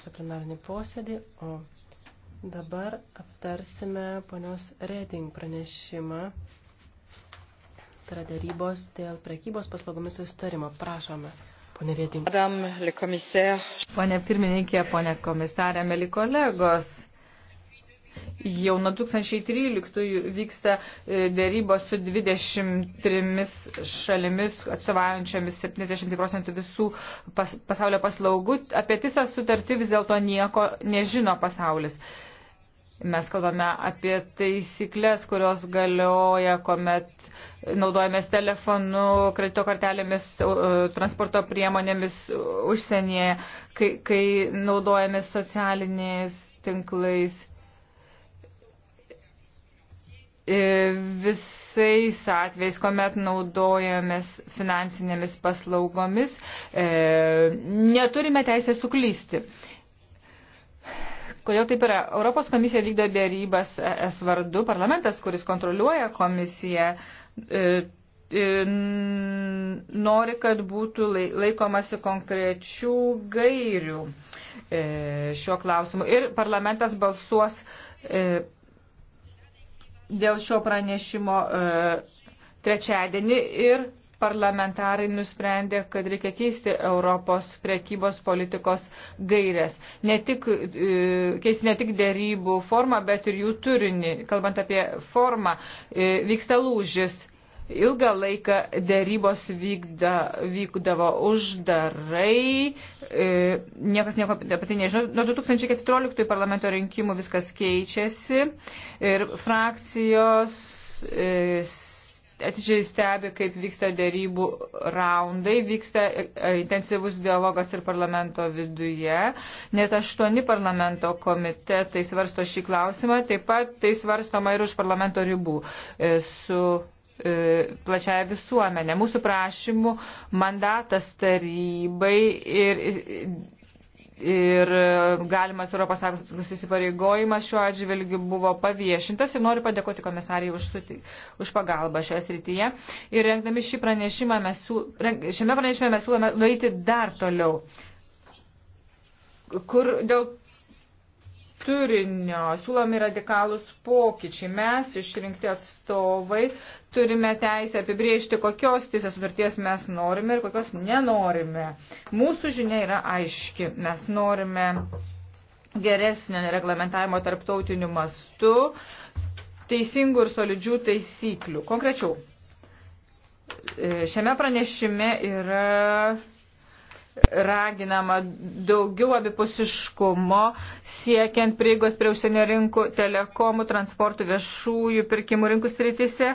visą plenarinį posėdį, o dabar aptarsime ponios Reding pranešimą. Tai yra darybos dėl prekybos paslaugomis sustarimo. Prašome. Pone Reding. Madame le commissaire. Pone pirmininkė, pone komisarė, meli kolegos. Jau nuo 2013 vyksta e, dėrybos su 23 šalimis atstovaujančiomis 70 procentų visų pas, pasaulio paslaugų. Apie tisą sutartį vis dėlto nieko nežino pasaulis. Mes kalbame apie taisyklės, kurios galioja, kuomet naudojamės telefonu, kredito kortelėmis, e, transporto priemonėmis užsienyje, kai, kai naudojamės socialiniais tinklais E, visais atvejais, kuomet naudojamės finansinėmis paslaugomis, e, neturime teisę suklysti. Kodėl taip yra? Europos komisija vykdo dėrybas es vardu, parlamentas, kuris kontroliuoja komisiją, e, nori, kad būtų laikomasi konkrečių gairių šiuo klausimu. Ir parlamentas balsuos dėl šio pranešimo e, trečiadienį ir parlamentarai nusprendė, kad reikia keisti Europos prekybos politikos gairės. Ne tik, e, keisti ne tik dėrybų formą, bet ir jų turinį. Kalbant apie formą, e, vyksta lūžis Ilgą laiką dėrybos vykda, vykdavo uždarai, e, niekas nieko apie tai nežino. Nuo 2014 parlamento rinkimų viskas keičiasi ir frakcijos e, atidžiai stebi, kaip vyksta dėrybų raundai, vyksta e, e, intensyvus dialogas ir parlamento viduje. Net aštuoni parlamento komitetai svarsto šį klausimą, taip pat tai svarstoma ir už parlamento ribų. E, su E, plačiaja visuomenė. Mūsų prašymų mandatas tarybai ir, ir galimas ES įsipareigojimas šiuo atžvilgiu buvo paviešintas ir noriu padėkoti komisarijai už, už pagalbą šioje srityje. Ir rengdami šį pranešimą mes, šiame pranešime mes siūlome nueiti dar toliau. Kur dėl turinio, siūlomi radikalūs pokyčiai. Mes išrinkti atstovai turime teisę apibriežti, kokios teisės sutarties mes norime ir kokios nenorime. Mūsų žinia yra aiški. Mes norime geresnio reglamentavimo tarptautiniu mastu, teisingų ir solidžių taisyklių. Konkrečiau, e, šiame pranešime yra raginama daugiau abipusiškumo, siekiant prieigos prie užsienio rinkų, telekomų, transportų, viešųjų pirkimų rinkų sritise,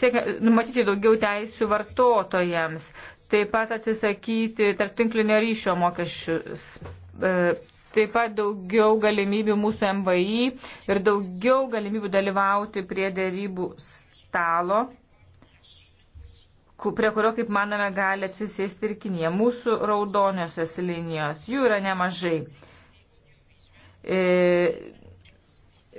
siekiant numatyti daugiau teisių vartotojams, taip pat atsisakyti tarptinklinio ryšio mokesčius. E, taip pat daugiau galimybių mūsų MVI ir daugiau galimybių dalyvauti prie dėrybų stalo prie kurio, kaip manome, gali atsisėsti ir Kinija. Mūsų raudoniosios linijos, jų yra nemažai. E,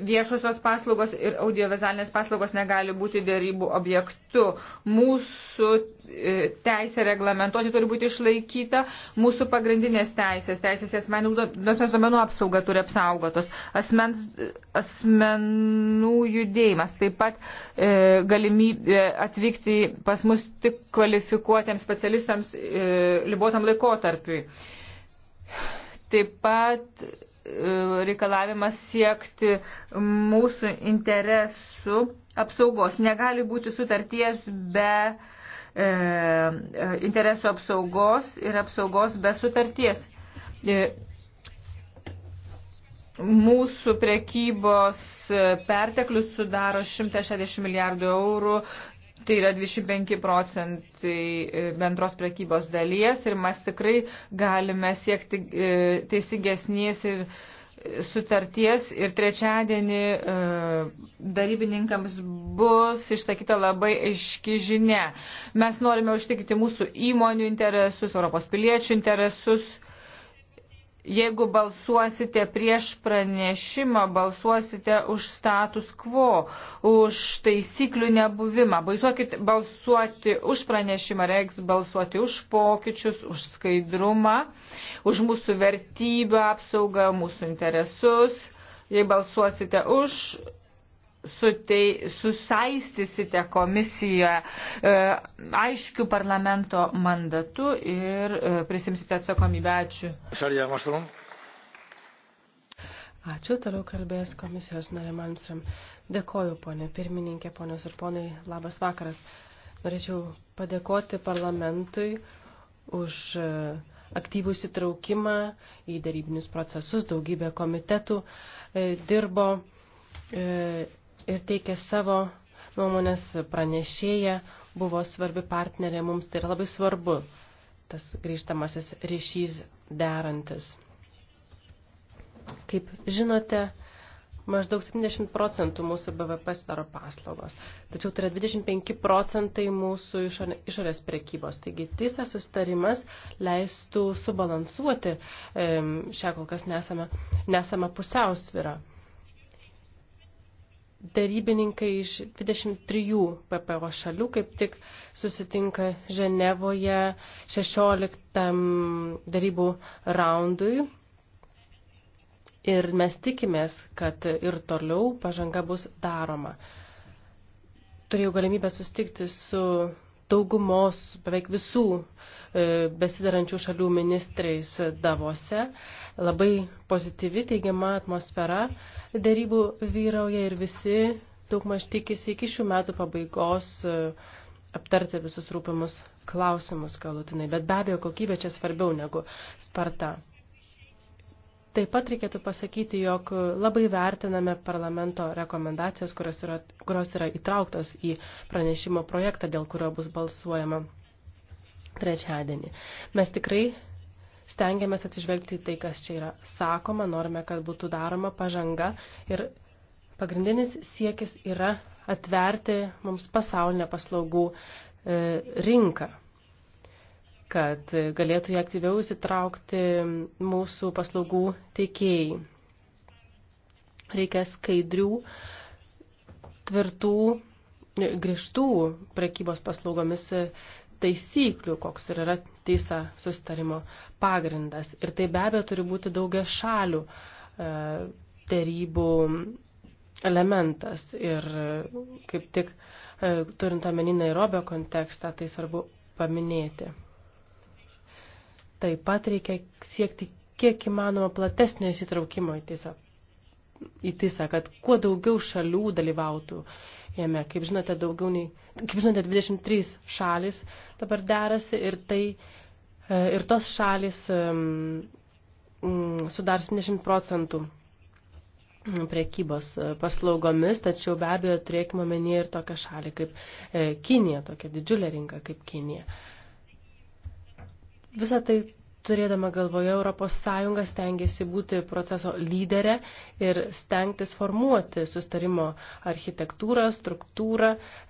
viešosios paslaugos ir audiovizualinės paslaugos negali būti dėrybų objektu. Mūsų e, teisė reglamentuoti turi būti išlaikyta, mūsų pagrindinės teisės, teisės asmenų, domenų apsauga turi apsaugotos, asmens, asmenų judėjimas, taip pat e, galimybė atvykti pas mus tik kvalifikuotiems specialistams e, libotam laikotarpiui. Taip pat reikalavimas siekti mūsų interesų apsaugos. Negali būti sutarties be e, e interesų apsaugos ir apsaugos be sutarties. E, mūsų prekybos e, perteklius sudaro 160 milijardų eurų, Tai yra 25 procentai e, bendros prekybos dalies ir mes tikrai galime siekti e, teisingesnės ir e, sutarties ir trečiadienį darybininkams bus išsakyta labai aiški žinia. Mes norime užtikrinti mūsų įmonių interesus, Europos piliečių interesus Jeigu balsuosite prieš pranešimą, balsuosite už status quo, už taisyklių nebuvimą. Balsuokit balsuoti už pranešimą, reiks balsuoti už pokyčius, už skaidrumą, už mūsų vertybių apsaugą, mūsų interesus. Jei balsuosite už sutei, susaistysite komisiją e, aiškių parlamento mandatu ir e, prisimsite atsakomybę. Ačiū. Ačiū, toliau kalbės komisijos narė Malmström. Dėkoju, ponė pirmininkė, ponios ir ponai, labas vakaras. Norėčiau padėkoti parlamentui už e, aktyvų įsitraukimą į darybinius procesus. Daugybė komitetų e, dirbo. E, ir teikė savo nuomonės pranešėja, buvo svarbi partnerė mums, tai yra labai svarbu tas grįžtamasis ryšys derantis. Kaip žinote, maždaug 70 procentų mūsų BVP sudaro paslaugos, tačiau tai yra 25 procentai mūsų išorės prekybos. Taigi tisa sustarimas leistų subalansuoti šią kol kas nesamą pusiausvyrą. Darybininkai iš 23 PPO šalių kaip tik susitinka Ženevoje 16 darybų raundui. Ir mes tikimės, kad ir toliau pažanga bus daroma. Turėjau galimybę sustikti su daugumos, beveik visų e, besidarančių šalių ministrais Davose. Labai pozityvi, teigiama atmosfera darybų vyrauja ir visi daugmaž tikisi iki šių metų pabaigos e, aptarti visus rūpimus klausimus galutinai. Bet be abejo, kokybė čia svarbiau negu sparta. Taip pat reikėtų pasakyti, jog labai vertiname parlamento rekomendacijas, kurios yra, kurios yra įtrauktos į pranešimo projektą, dėl kurio bus balsuojama trečiadienį. Mes tikrai stengiamės atsižvelgti į tai, kas čia yra sakoma, norime, kad būtų daroma pažanga ir pagrindinis siekis yra atverti mums pasaulinę paslaugų e, rinką kad galėtų jie aktyviau įsitraukti mūsų paslaugų teikėjai. Reikia skaidrių, tvirtų, grįžtų prekybos paslaugomis taisyklių, koks ir yra teisa sustarimo pagrindas. Ir tai be abejo turi būti daugia šalių tarybų e, elementas. Ir kaip tik e, turint omeny Nairobio kontekstą, tai svarbu paminėti. Taip pat reikia siekti kiek įmanoma platesnio įsitraukimo į tisą, į tisą kad kuo daugiau šalių dalyvautų jame. Kaip žinote, daugiau nei, kaip žinote, 23 šalis dabar derasi ir tai, e, ir tos šalis sudar 70 procentų prekybos e, paslaugomis, tačiau be abejo turėkime omenyje ir tokią šalį kaip e, Kinija, tokia didžiulė rinka kaip Kinija. E, Visą tai turėdama galvoje Europos Sąjunga stengiasi būti proceso lyderė ir stengtis formuoti sustarimo architektūrą, struktūrą,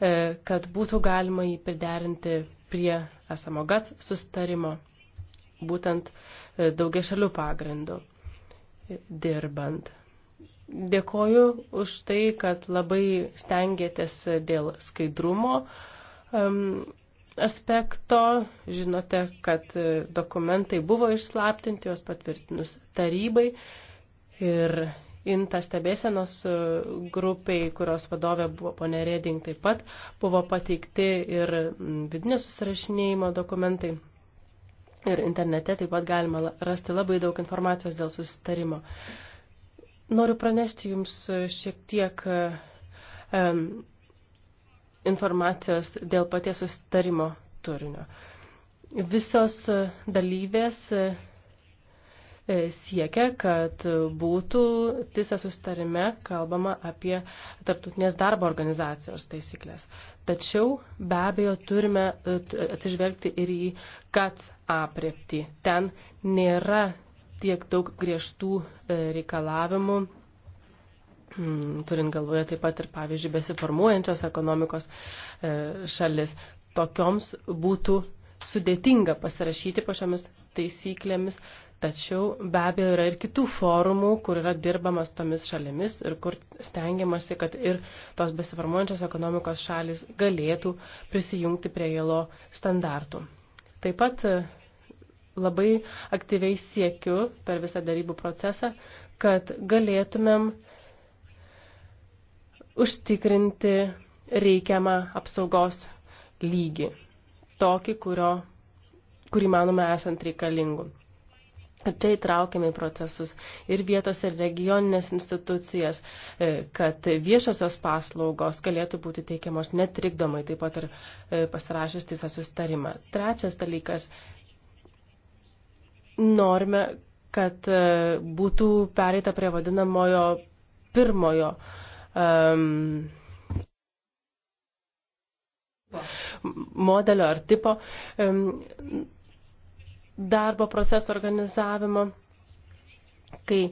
e, kad būtų galima jį priderinti prie esamo GATS sustarimo, būtent e, daugia šalių pagrindų dirbant. Dėkoju už tai, kad labai stengiatės dėl skaidrumo um, aspekto. Žinote, kad dokumentai buvo išslaptinti, jos patvirtinus tarybai. Ir Inta stebėsenos grupiai, kurios vadovė buvo ponė Reding taip pat, buvo pateikti ir vidinio susirašinėjimo dokumentai. Ir internete taip pat galima rasti labai daug informacijos dėl susitarimo. Noriu pranešti Jums šiek tiek um, informacijos dėl paties susitarimo turinio. Visos dalyvės e, siekia, kad būtų tisa sustarime kalbama apie tarptautinės darbo organizacijos taisyklės. Tačiau be abejo turime e, atsižvelgti ir į kats apriepti. Ten nėra tiek daug griežtų e, reikalavimų Mm, turint galvoje taip pat ir, pavyzdžiui, besiformuojančios ekonomikos e, šalis, tokioms būtų sudėtinga pasirašyti po šiomis taisyklėmis, tačiau be abejo yra ir kitų forumų, kur yra dirbamas tomis šalimis ir kur stengiamasi, kad ir tos besiformuojančios ekonomikos šalis galėtų prisijungti prie jėlo standartų. Taip pat e, labai aktyviai siekiu per visą darybų procesą, kad galėtumėm uh, užtikrinti reikiamą apsaugos lygį, tokį, kurio, kurį manome esant reikalingu. Ir čia įtraukiame į procesus ir vietos ir regioninės institucijas, e, kad viešosios paslaugos galėtų būti teikiamos netrikdomai, taip pat ir e, pasirašęs teisą sustarimą. Trečias dalykas, norime, kad e, būtų pereita prie vadinamojo pirmojo uh, um, modelio ar tipo um, darbo proceso organizavimo, kai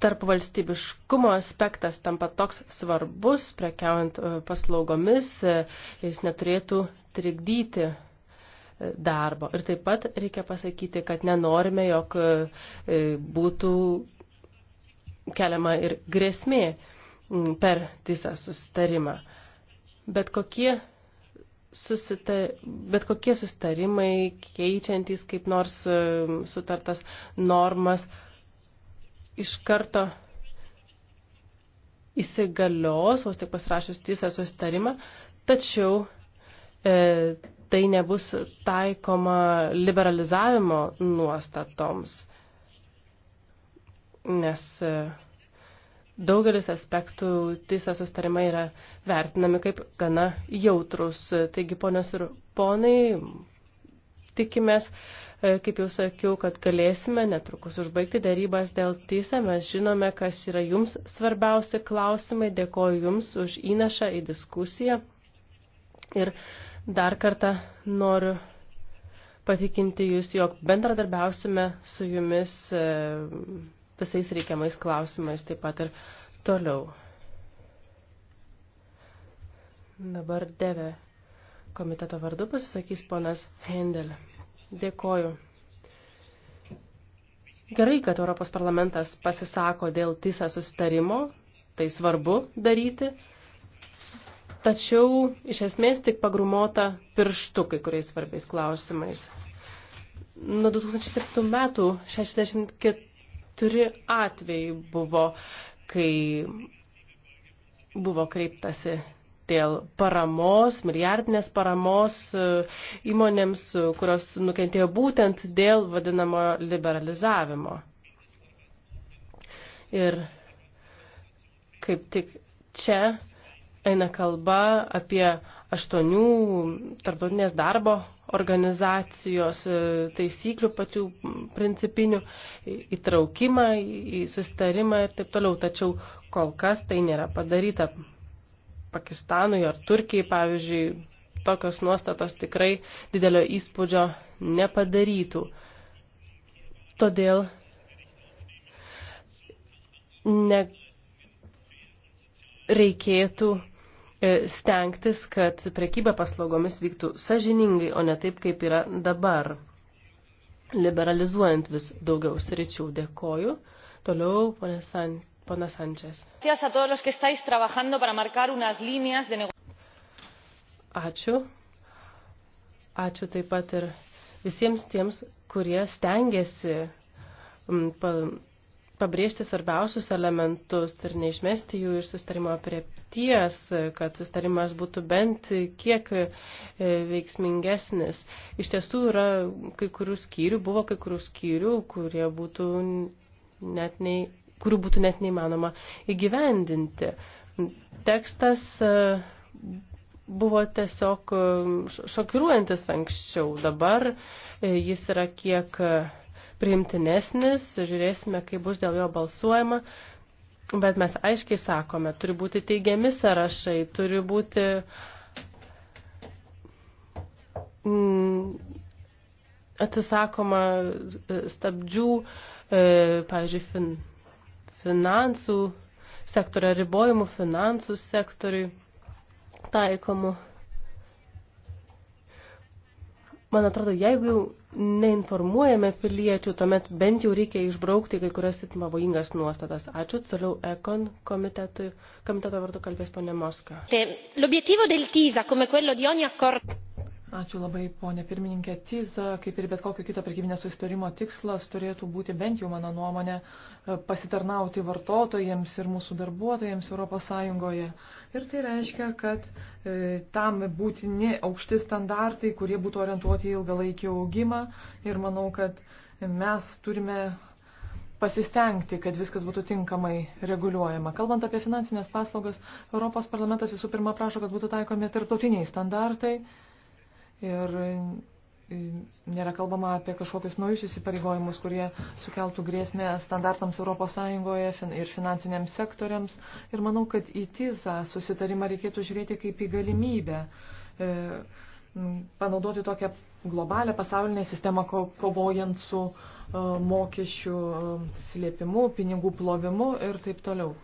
tarp valstybiškumo aspektas tampa toks svarbus, prekiaujant e, paslaugomis, e, jis neturėtų trikdyti e, darbo. Ir taip pat reikia pasakyti, kad nenorime, jog būtų keliama ir grėsmė Mm, per visą susitarimą. Bet kokie, susita, bet kokie susitarimai keičiantys kaip nors mm, sutartas normas iš karto įsigalios, vos tik pasirašius tysą susitarimą, tačiau e, tai nebus taikoma liberalizavimo nuostatoms, nes e, daugelis aspektų TISA tai sustarimai yra vertinami kaip gana jautrus. Taigi, ponios ir ponai, tikimės, e, kaip jau sakiau, kad galėsime netrukus užbaigti darybas dėl TISA. Mes žinome, kas yra jums svarbiausi klausimai. Dėkoju jums už įnašą į diskusiją. Ir dar kartą noriu patikinti jūs, jog bendradarbiausime su jumis. E, visais reikiamais klausimais taip pat ir toliau. Dabar deve komiteto vardu pasisakys ponas Hendel. Dėkoju. Gerai, kad Europos parlamentas pasisako dėl TISA susitarimo, tai svarbu daryti, tačiau iš esmės tik pagrumota pirštu kai kuriais svarbiais klausimais. Nuo 2007 metų 64 keturi atvejai buvo, kai buvo kreiptasi dėl paramos, milijardinės paramos e, įmonėms, e, kurios nukentėjo būtent dėl vadinamo liberalizavimo. Ir kaip tik čia eina kalba apie aštuonių tarptautinės darbo organizacijos e, taisyklių pačių principinių įtraukimą į sustarimą ir taip toliau. Tačiau kol kas tai nėra padaryta Pakistanui ar Turkijai, pavyzdžiui, tokios nuostatos tikrai didelio įspūdžio nepadarytų. Todėl ne reikėtų E, stengtis, kad prekyba paslaugomis vyktų sažiningai, o ne taip, kaip yra dabar, liberalizuojant vis daugiau sričių. Dėkoju. Toliau, ponė San, pana Sančias. Ačiū. Ačiū taip pat ir visiems tiems, kurie stengiasi pabrėžti svarbiausius elementus ir neišmesti jų iš sustarimo priepties, kad sustarimas būtų bent kiek e, veiksmingesnis. Iš tiesų yra kai kurių skyrių, buvo kai kurių skyrių, kurie būtų net nei, kurių būtų net neįmanoma įgyvendinti. Tekstas e, buvo tiesiog e, šokiruojantis anksčiau, dabar jis yra kiek priimtinesnis, žiūrėsime, kaip bus dėl jo balsuojama, bet mes aiškiai sakome, turi būti teigiami sąrašai, turi būti mm, atsisakoma e, stabdžių, e, pavyzdžiui, fin, finansų sektorio ribojimų, finansų sektoriui taikomų. Man atrodo, jeigu jau neinformuojame piliečių, tuomet bent jau reikia išbraukti kai kurias itin pavojingas nuostatas. Ačiū. Toliau Ekon komiteto vardu kalbės ponė Moska. L'obiettivo del TISA, come quello di ogni accordo... Ačiū labai, ponė pirmininkė. TISA, kaip ir bet kokio kito prekybinio susitarimo tikslas, turėtų būti bent jau mano nuomonė e, pasitarnauti vartotojams ir mūsų darbuotojams ES. Ir tai reiškia, kad e, tam būtini aukšti standartai, kurie būtų orientuoti į ilgalaikį augimą. Ir manau, kad mes turime pasistengti, kad viskas būtų tinkamai reguliuojama. Kalbant apie finansinės paslaugas, Europos parlamentas visų pirma prašo, kad būtų taikomi tarptautiniai standartai ir e, nėra kalbama apie kažkokius naujus įsipareigojimus, kurie sukeltų grėsmę standartams ES ir finansiniams sektoriams. Ir manau, kad į TISA susitarimą reikėtų žiūrėti kaip į galimybę e, panaudoti tokią globalią pasaulinę sistemą, kovojant su e, mokesčių slėpimu, pinigų plovimu ir taip toliau.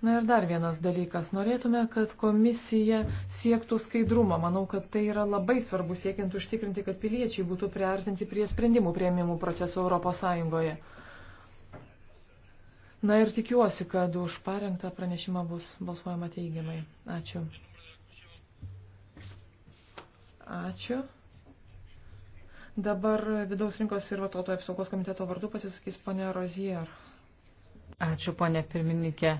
Na ir dar vienas dalykas. Norėtume, kad komisija siektų skaidrumo. Manau, kad tai yra labai svarbu siekiant užtikrinti, kad piliečiai būtų priartinti prie sprendimų prieimimų proceso Europos Sąjungoje. Na ir tikiuosi, kad už parengtą pranešimą bus balsuojama teigiamai. Ačiū. Ačiū. Dabar vidaus rinkos ir vartotojų apsaugos komiteto vardu pasisakys ponia Rozier. Ačiū, ponia pirmininkė.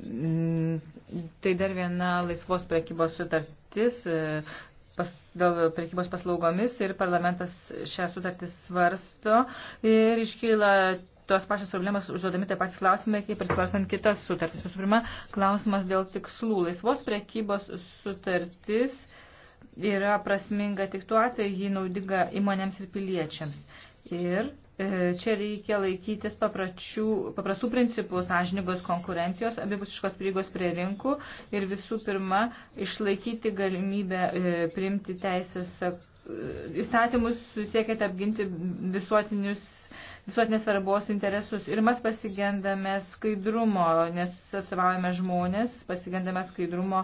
Mm, tai dar viena laisvos prekybos sutartis e, pas, dėl prekybos paslaugomis ir parlamentas šią sutartį svarsto ir iškyla tos pačios problemos užduodami tie patys klausimai, kaip ir svarstant kitas sutartis. Visų pirma, klausimas dėl tikslų. Laisvos prekybos sutartis yra prasminga tik tuo atveju, jį naudinga įmonėms ir piliečiams. Ir E, čia reikia laikytis papračių, paprastų principų sąžiningos konkurencijos, abipusiškos prieigos prie rinkų ir visų pirma išlaikyti galimybę e, priimti teisės e, įstatymus siekiant apginti visuotinius visuotinės svarbos interesus. Ir mes pasigendame skaidrumo, nes atstovaujame žmonės, pasigendame skaidrumo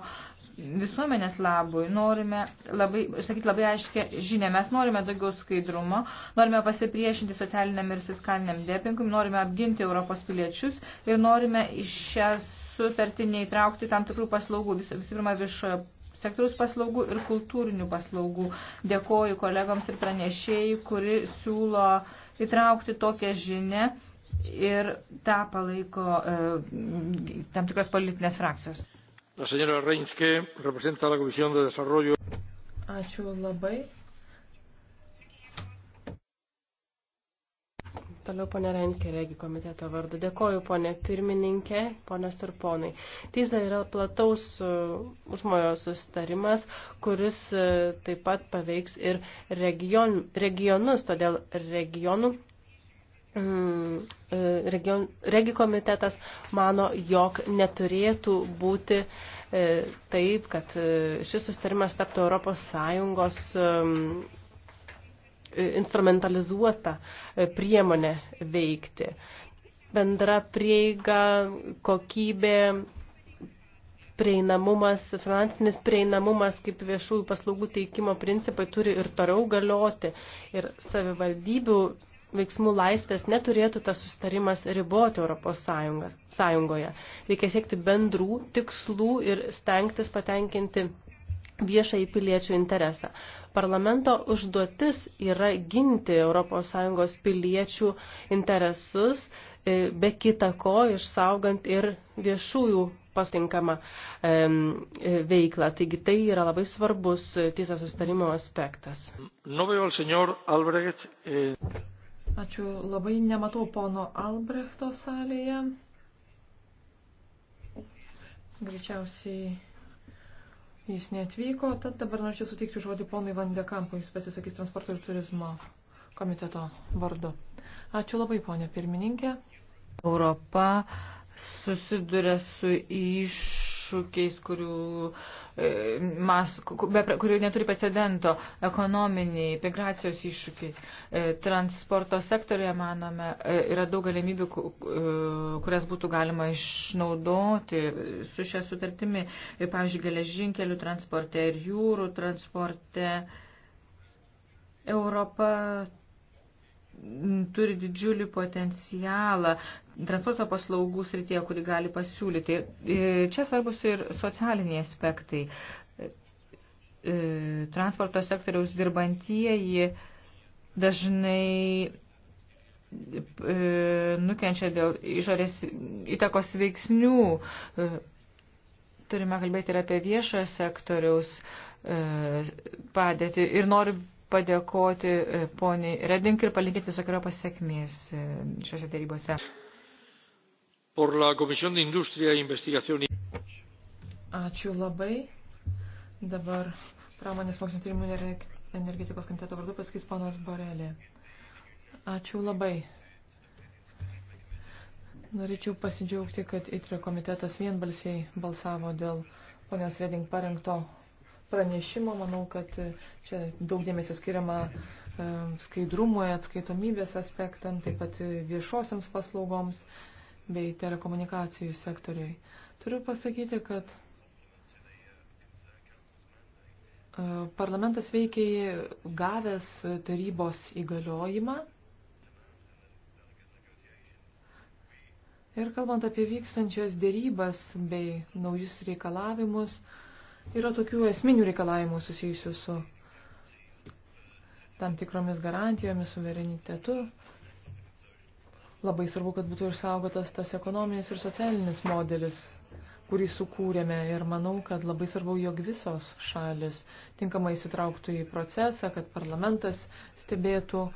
visuomenės labui. Norime labai, sakyti, labai aiškia žinia, mes norime daugiau skaidrumo, norime pasipriešinti socialiniam ir fiskaliniam depingui, norime apginti Europos piliečius ir norime iš šią sutartį neįtraukti tam tikrų paslaugų, visų pirma, viešojo sektoriaus paslaugų ir kultūrinių paslaugų. Dėkoju kolegoms ir pranešėjai, kuri siūlo įtraukti tokią žinę ir tą palaiko e, tam tikros politinės frakcijos. La señora Reinske representa la Comisión de Desarrollo. Ačiū labai. Toliau ponė Renkė, regi komiteto vardu. Dėkoju, ponė pirmininkė, ponės ir ponai. Tyza yra plataus uh, užmojo sustarimas, kuris uh, taip pat paveiks ir region, regionus, todėl regionų mm, E, region, regi komitetas mano, jog neturėtų būti e, taip, kad e, šis sustarimas taptų Europos Sąjungos instrumentalizuota priemonė veikti. Bendra prieiga, kokybė, prieinamumas, finansinis prieinamumas kaip viešųjų paslaugų teikimo principai turi ir toliau galioti. Ir savivaldybių veiksmų laisvės neturėtų tas sustarimas riboti Europos Sąjungoje. Reikia siekti bendrų tikslų ir stengtis patenkinti viešai piliečių interesą. Parlamento užduotis yra ginti ES piliečių interesus, e, be kita ko išsaugant ir viešųjų pastinkamą e, veiklą. Taigi tai yra labai svarbus e, tisa sustarimo aspektas. No veo al señor Albrecht, eh... Ačiū labai, nematau pono Albrechto salėje. Greičiausiai jis neatvyko, tad dabar norėčiau suteikti žodį ponui Vandekampui, jis pasisakys transporto ir turizmo komiteto vardu. Ačiū labai, ponė pirmininkė. Europa susiduria su iš iššūkiais, kurių, e, mas, be, kurių neturi precedento, ekonominiai, migracijos iššūkiai. E, transporto sektorėje, manome, e, yra daug galimybių, e, kurias būtų galima išnaudoti su šia sutartimi, e, pavyzdžiui, geležinkelių transporte ir jūrų transporte. Europa turi didžiulį potencialą transporto paslaugų srityje, kurį gali pasiūlyti. E, čia svarbus ir socialiniai aspektai. E, transporto sektoriaus dirbantieji dažnai e, nukenčia dėl išorės įtakos veiksnių. Turime kalbėti ir apie viešojo sektoriaus padėtį. Ir noriu padėkoti e, poniai Redink ir palinkėti visokio pasiekmės e, šiuose darybose. E Ačiū labai. Dabar pramonės mokslinio tyrimų ir energetikos komiteto vardu pasakys ponas Borelė. Ačiū labai. Norėčiau pasidžiaugti, kad ITRE komitetas vienbalsiai balsavo dėl ponios Reding parengto pranešimo. Manau, kad čia daug dėmesio skiriama e, skaidrumui, atskaitomybės aspektam, taip pat viešosiams paslaugoms bei telekomunikacijų sektoriui. Turiu pasakyti, kad e, parlamentas veikiai gavęs tarybos įgaliojimą. Ir kalbant apie vykstančias dėrybas bei naujus reikalavimus, uh, Yra tokių esminių reikalavimų susijusių su tam tikromis garantijomis, suverenitetu. Labai svarbu, kad būtų išsaugotas tas ekonominis ir socialinis modelis, kurį sukūrėme. Ir manau, kad labai svarbu, jog visos šalis tinkamai įsitrauktų į procesą, kad parlamentas stebėtų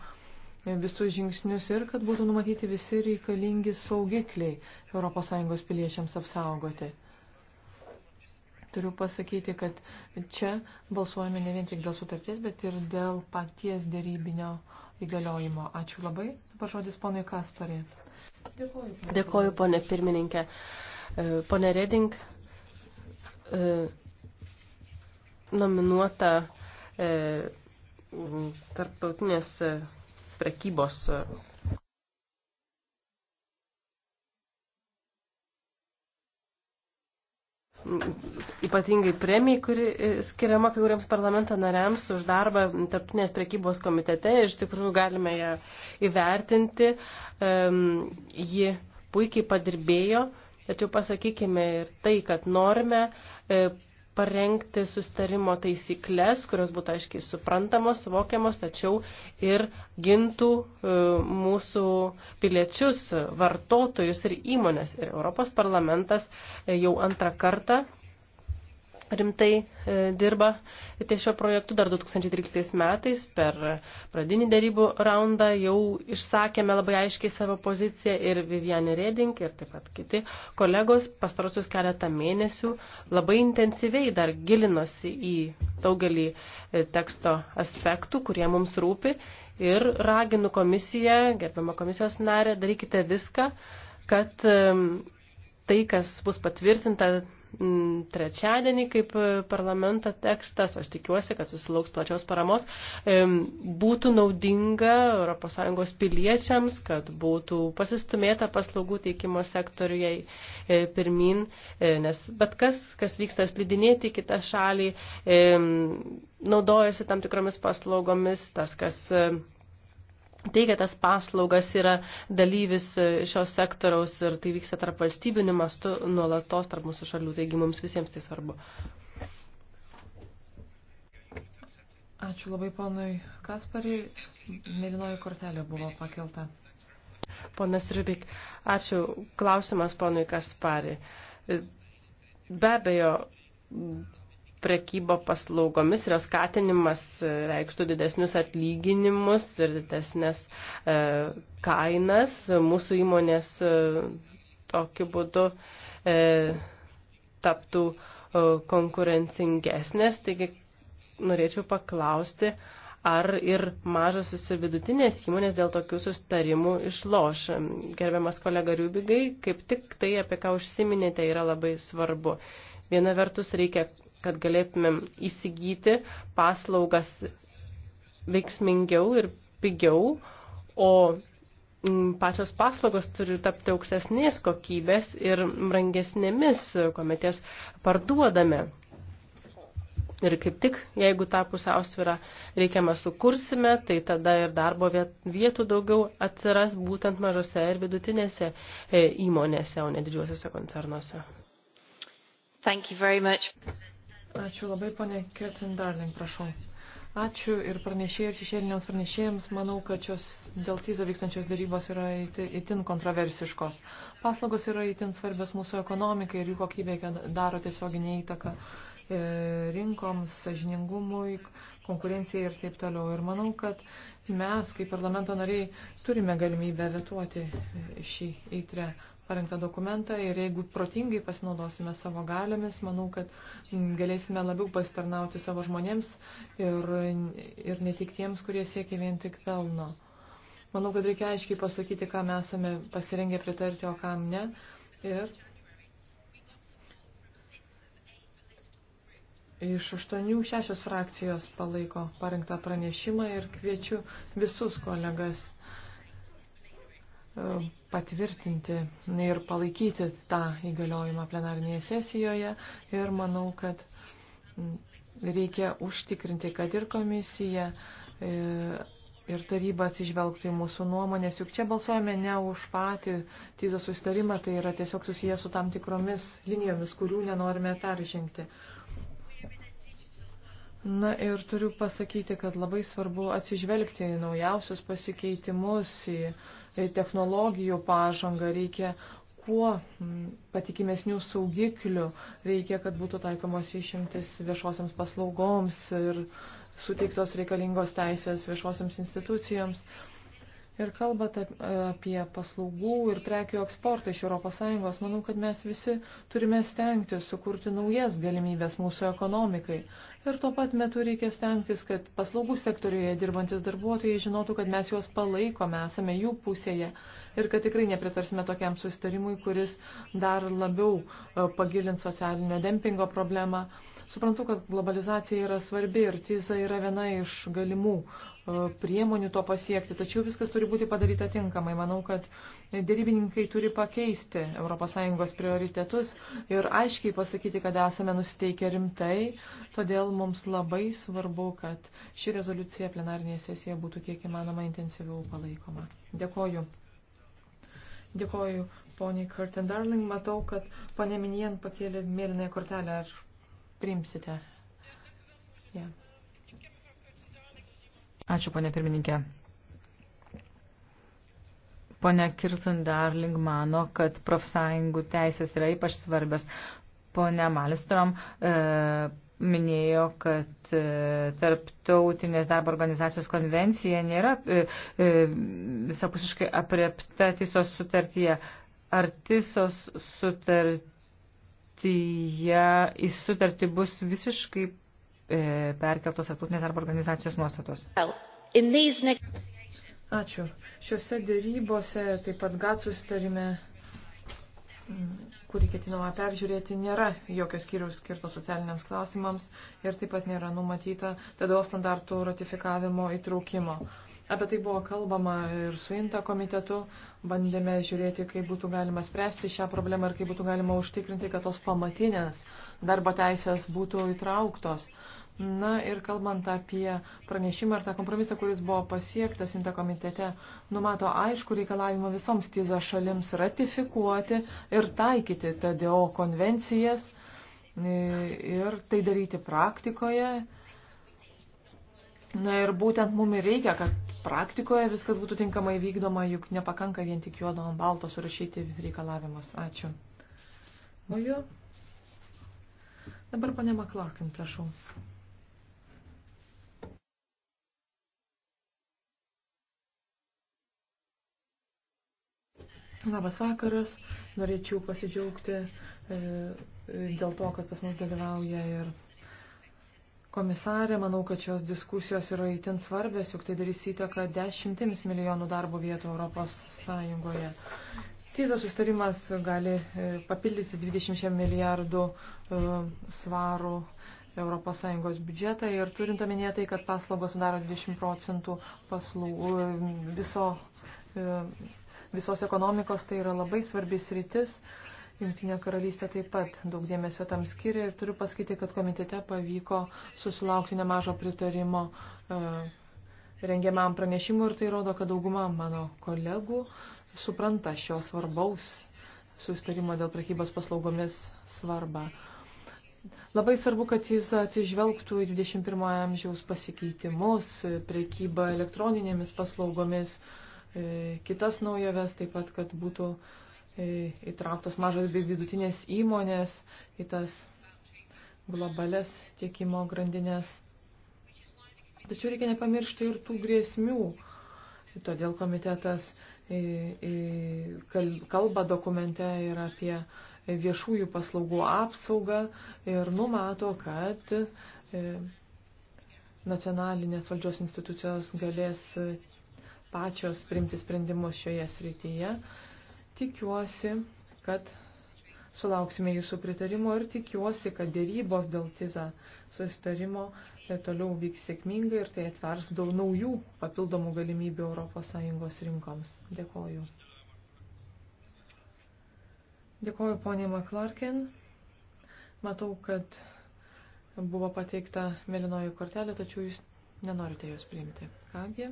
visus žingsnius ir kad būtų numatyti visi reikalingi saugikliai ES piliečiams apsaugoti turiu pasakyti, kad čia balsuojame ne vien tik dėl sutarties, bet ir dėl paties dėrybinio įgaliojimo. Ačiū labai. Dabar žodis ponui Kasparė. Dėkoju, ponė. Dėkoju, ponė pirmininkė. E, Pone Reding, e, nominuota e, tarptautinės prekybos ypatingai premijai, kuri e, skiriama kai kuriems parlamento nariams už darbą tarptinės prekybos komitete ir iš tikrųjų galime ją įvertinti. Ji puikiai padirbėjo, tačiau pasakykime ir tai, kad norime e, parengti sustarimo taisyklės, kurios būtų aiškiai suprantamos, suvokiamos, tačiau ir gintų e, mūsų piliečius, vartotojus ir įmonės. Ir Europos parlamentas e, jau antrą kartą rimtai e, dirba ties šio projektu dar 2013 metais per pradinį darybų raundą jau išsakėme labai aiškiai savo poziciją ir Vivianė Reding ir taip pat kiti kolegos pastarosius keletą mėnesių labai intensyviai dar gilinosi į daugelį e, teksto aspektų, kurie mums rūpi ir raginu komisiją, gerbiamą komisijos narę, darykite viską, kad e, tai, kas bus patvirtinta Mm, trečiadienį kaip e, parlamento tekstas, aš tikiuosi, kad susilauks plačios paramos, būtų naudinga ES piliečiams, kad būtų pasistumėta paslaugų teikimo sektoriuje e, pirmin, e, nes bet kas, kas vyksta slidinėti kitą šalį, naudojasi tam tikromis paslaugomis, tas, kas teikia tas paslaugas, yra dalyvis e, šios sektoriaus ir tai vyksta tarp valstybinių mastų nuolatos tarp mūsų šalių, taigi mums visiems tai svarbu. Ačiū labai ponui Kaspariui. Mėlynoji kortelė buvo pakelta. Ponas Rubik, ačiū. Klausimas ponui Kaspari. E, be abejo, prekyba paslaugomis ir skatinimas e, reikštų didesnius atlyginimus ir didesnės e, kainas. Mūsų įmonės e, tokiu būdu e, taptų e, konkurencingesnės. Taigi norėčiau paklausti, ar ir mažosios ir vidutinės įmonės dėl tokių sustarimų išloš. Gerbiamas kolega Riubigai, kaip tik tai, apie ką užsiminėte, yra labai svarbu. Viena vertus reikia kad galėtumėm įsigyti paslaugas veiksmingiau ir pigiau, o mm, pačios paslaugos turi tapti aukštesnės kokybės ir brangesnėmis, kuomet jas parduodame. Ir kaip tik, jeigu tą pusiausvyrą reikiamą sukursime, tai tada ir darbo vietų daugiau atsiras būtent mažose ir vidutinėse e, įmonėse, o ne didžiuosiuose koncernuose. Thank you very much. Ačiū labai, ponė Kirtin Darling, prašau. Ačiū ir pranešėjai ir šešėliniams pranešėjams. Manau, kad šios dėl tyzo vykstančios darybos yra itin kontroversiškos. Paslaugos yra itin svarbios mūsų ekonomikai ir jų kokybė daro tiesioginį įtaką e, rinkoms, sažiningumui, konkurencijai ir taip toliau. Ir manau, kad mes, kaip parlamento nariai, turime galimybę vetuoti šį įtrę parengtą dokumentą ir jeigu protingai pasinaudosime savo galiomis, manau, kad galėsime labiau pasitarnauti savo žmonėms ir, ir ne tik tiems, kurie siekia vien tik pelno. Manau, kad reikia aiškiai pasakyti, ką mes esame pasirengę pritarti, o kam ne. Ir Iš aštuonių šešios frakcijos palaiko parengtą pranešimą ir kviečiu visus kolegas E, patvirtinti ir palaikyti tą įgaliojimą plenarinėje sesijoje. Ir manau, kad reikia užtikrinti, kad ir komisija, e, ir taryba atsižvelgtų į mūsų nuomonės. Juk čia balsuojame ne už patį tyzą susitarimą, tai yra tiesiog susiję su tam tikromis linijomis, kurių nenorime peržengti. Na ir turiu pasakyti, kad labai svarbu atsižvelgti į naujausius pasikeitimus, į technologijų pažangą, reikia kuo patikimesnių saugiklių, reikia, kad būtų taikomos išimtis viešosiams paslaugoms ir suteiktos reikalingos teisės viešosiams institucijoms ir kalbate apie paslaugų ir prekių eksportą iš ES, manau, kad mes visi turime stengtis sukurti naujas galimybės mūsų ekonomikai. Ir tuo pat metu reikia stengtis, kad paslaugų sektorijoje dirbantis darbuotojai žinotų, kad mes juos palaikome, esame jų pusėje ir kad tikrai nepritarsime tokiam sustarimui, kuris dar labiau e, pagilins socialinio dempingo problemą. Suprantu, kad globalizacija yra svarbi ir TISA yra viena iš galimų E, priemonių to pasiekti, tačiau viskas turi būti padaryta tinkamai. Manau, kad dėrybininkai turi pakeisti ES prioritetus ir aiškiai pasakyti, kad esame nusiteikę rimtai, todėl mums labai svarbu, kad ši rezoliucija plenarinėje sesijoje būtų kiek įmanoma intensyviau palaikoma. Dėkoju. Dėkoju, poniai Curtin Darling. Matau, kad ponė Minijan pakėlė mėlynąją kortelę. Ar priimsite? Yeah. Ačiū, ponė pirmininkė. Pone Kirtun Darling mano, kad profsąjungų teisės yra ypač svarbios. Pone Malistrom e, minėjo, kad e, tarptautinės darbo organizacijos konvencija nėra e, e, visapusiškai aprepta tisos sutartyje. Ar tisos sutartyje į sutartį bus visiškai E, perkeltos atputinės arba organizacijos nuostatos. Ačiū. Šiuose dėrybose, taip pat GAT sustarime, mm, kurį ketinama peržiūrėti, nėra jokio skyriaus skirto socialiniams klausimams ir taip pat nėra numatyta TDO standartų ratifikavimo įtraukimo. Apie tai buvo kalbama ir su INTA komitetu, bandėme žiūrėti, kaip būtų galima spręsti šią problemą ir kaip būtų galima užtikrinti, kad tos pamatinės darbo teisės būtų įtrauktos. Uh, Na ir kalbant apie pranešimą ir tą kompromisą, kuris buvo pasiektas Inta komitete, numato aišku reikalavimą visoms tiza šalims ratifikuoti ir taikyti TDO konvencijas e, ir tai daryti praktikoje. Na ir būtent mum ir reikia, kad praktikoje viskas būtų tinkamai vykdoma, juk nepakanka vien tik juodo ant balto surašyti reikalavimus. Ačiū. Moju. Dabar ponė Maklakin, prašau. Labas vakaras, norėčiau pasidžiaugti e, dėl to, kad pas mus dalyvauja ir komisarė. Manau, kad šios diskusijos yra įtin svarbės, juk tai darys įtaką dešimtims milijonų darbo vietų Europos Sąjungoje. Tiesa, sustarimas gali e, papildyti 20 milijardų e, svarų ES biudžetą ir turint omenyje tai, kad paslaugos sudaro 20 procentų paslaugų viso visos ekonomikos tai yra labai svarbis rytis. Jungtinė karalystė taip pat daug dėmesio tam skiria ir turiu pasakyti, kad komitete pavyko susilaukti nemažo pritarimo e, rengiamam pranešimui ir tai rodo, kad dauguma mano kolegų supranta šio svarbaus sustarimo dėl prekybos paslaugomis svarbą. Labai svarbu, kad jis atsižvelgtų į 21 amžiaus pasikeitimus, prekybą elektroninėmis paslaugomis, e, E, kitas naujoves, taip pat, kad būtų e, įtrauktos mažos bei vidutinės įmonės į tas globales tiekimo grandinės. Tačiau reikia nepamiršti ir tų grėsmių. Todėl komitetas e, kalba dokumente ir apie viešųjų paslaugų apsaugą ir numato, kad nacionalinės valdžios institucijos galės pačios priimti sprendimus šioje srityje. Tikiuosi, kad sulauksime jūsų pritarimo ir tikiuosi, kad dėrybos dėl TIZA susitarimo e, toliau vyks sėkmingai ir tai atvers daug naujų papildomų galimybių ES rinkoms. Dėkoju. Dėkoju ponė Maklarkin. Matau, kad buvo pateikta mėlynoji kortelė, tačiau jūs nenorite jos priimti. Kągi?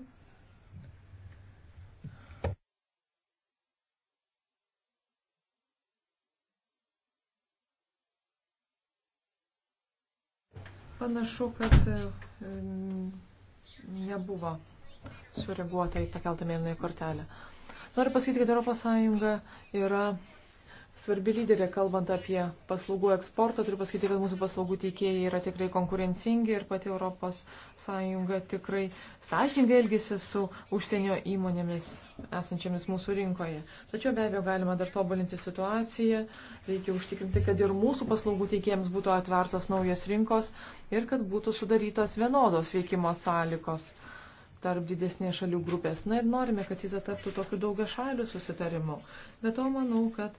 Panašu, kad nebuvo sureaguota į pakeltą mėlynąją kortelę. Noriu pasakyti, kad ES yra svarbi lyderė, kalbant apie paslaugų eksportą. Turiu pasakyti, kad mūsų paslaugų teikėjai yra tikrai konkurencingi ir pati ES tikrai sąžininkai elgesi su užsienio įmonėmis esančiamis mūsų rinkoje. Tačiau be abejo galima dar tobulinti situaciją, reikia užtikrinti, kad ir mūsų paslaugų teikėjams būtų atvertos naujos rinkos ir kad būtų sudarytos vienodos veikimo sąlygos tarp didesnės šalių grupės. Na ir norime, kad jis ataptų tokiu daugia šalių susitarimu. Bet to manau, kad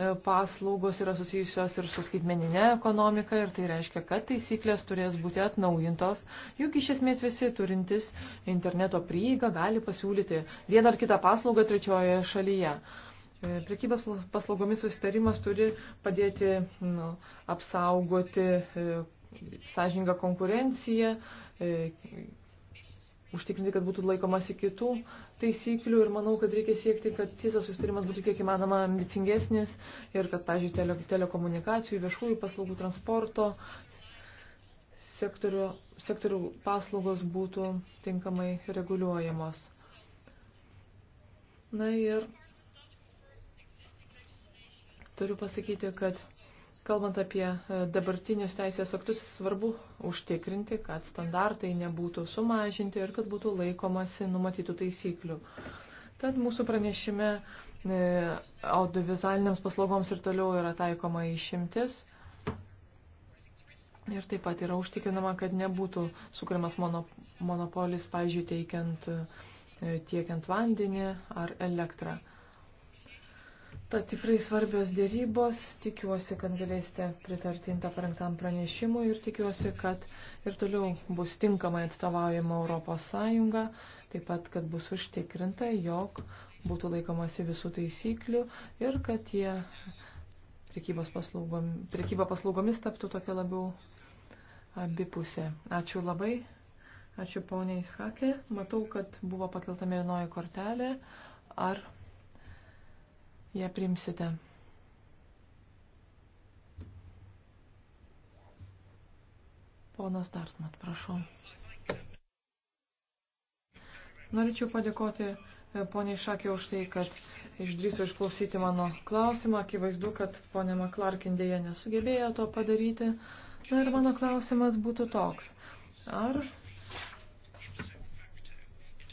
E, paslaugos yra susijusios ir su skaitmeninė ekonomika ir tai reiškia, kad taisyklės turės būti atnaujintos, juk iš esmės visi turintys interneto prieigą gali pasiūlyti vieną ar kitą paslaugą trečiojoje šalyje. E, prekybos paslaugomis susitarimas turi padėti nu, apsaugoti e, sąžingą konkurenciją, e, užtikrinti, kad būtų laikomasi kitų taisyklių ir manau, kad reikia siekti, kad tiesas sustarimas būtų kiek įmanoma ambicingesnis ir kad, pavyzdžiui, tele, telekomunikacijų, viešųjų paslaugų, transporto sektorių, sektorių paslaugos būtų tinkamai reguliuojamos. Na ir turiu pasakyti, kad Kalbant apie e, dabartinius teisės aktus, svarbu užtikrinti, kad standartai nebūtų sumažinti ir kad būtų laikomasi numatytų taisyklių. Tad mūsų pranešime e, audiovizualiniams paslaugoms ir toliau yra taikoma išimtis. Ir taip pat yra užtikrinama, kad nebūtų sukūrimas monopolis, pavyzdžiui, teikiant, e, tiekiant vandenį ar elektrą. Tad tikrai svarbios dėrybos, tikiuosi, kad galėsite pritarti tą parengtam pranešimui ir tikiuosi, kad ir toliau bus tinkamai atstovaujama Europos Sąjunga, taip pat, kad bus užtikrinta, jog būtų laikomasi visų taisyklių ir kad tie paslaugom, prekyba paslaugomis taptų tokia labiau abipusė. Ačiū labai, ačiū poniai Skakė, matau, kad buvo pakelta mėlynoji kortelė. Ar ją primsite. Ponas Dartmat, prašau. Norėčiau padėkoti e, poniai Šakė už tai, kad išdrįso išklausyti mano klausimą. Akivaizdu, kad ponė Maklarkin dėja nesugebėjo to padaryti. Na ir mano klausimas būtų toks. Ar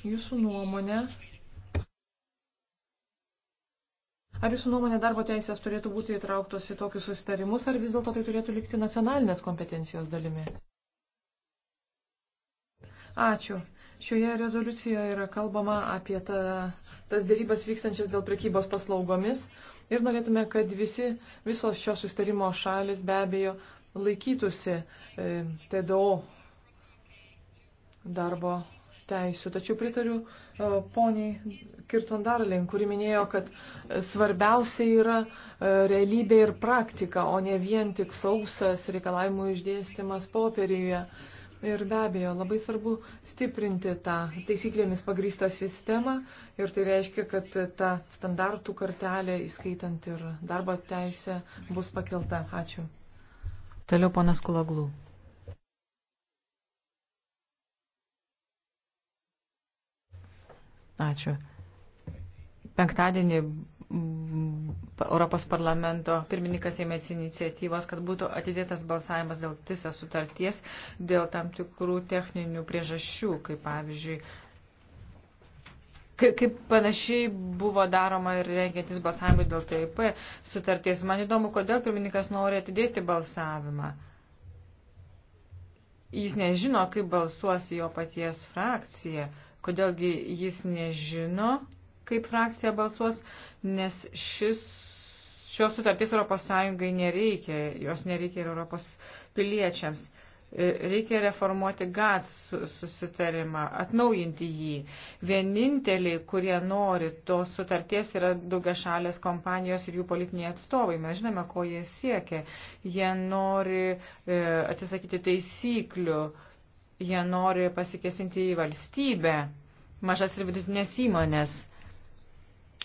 jūsų nuomonė Ar jūsų nuomonė darbo teisės turėtų būti įtrauktos į tokius susitarimus, ar vis dėlto tai turėtų likti nacionalinės kompetencijos dalimi? Ačiū. Šioje rezoliucijoje yra kalbama apie ta, tas dėrybas vykstančias dėl prekybos paslaugomis ir norėtume, kad visi, visos šio susitarimo šalis be abejo laikytųsi e, TDO darbo teisų. Tačiau pritariu e, poniai Kirton Darlin, kuri minėjo, kad svarbiausia yra e, realybė ir praktika, o ne vien tik sausas reikalavimų išdėstymas popieriuje. Ir be abejo, labai svarbu stiprinti tą taisyklėmis pagrįstą sistemą ir tai reiškia, kad ta standartų kartelė, įskaitant ir darbo teisę, bus pakelta. Ačiū. Toliau ponas Kulaglų. Ačiū. Penktadienį Europos parlamento pirmininkas ėmėsi iniciatyvos, kad būtų atidėtas balsavimas dėl TISA sutarties dėl tam tikrų techninių priežasčių, kaip pavyzdžiui, kaip panašiai buvo daroma ir rengiantis balsavimui dėl TIP sutarties. Man įdomu, kodėl pirmininkas nori atidėti balsavimą. Jis nežino, kaip balsuos jo paties frakcija. Kodėlgi jis nežino, kaip frakcija balsuos, nes šis, šios sutartys ES nereikia, jos nereikia ir Europos piliečiams. E, reikia reformuoti GATS susitarimą, atnaujinti jį. Vieninteliai, kurie nori tos sutarties, yra daugia šalės kompanijos ir jų politiniai atstovai. Mes žinome, ko jie siekia. Jie nori e, atsisakyti taisyklių. E, jie nori pasikesinti į valstybę, mažas ir vidutinės įmonės.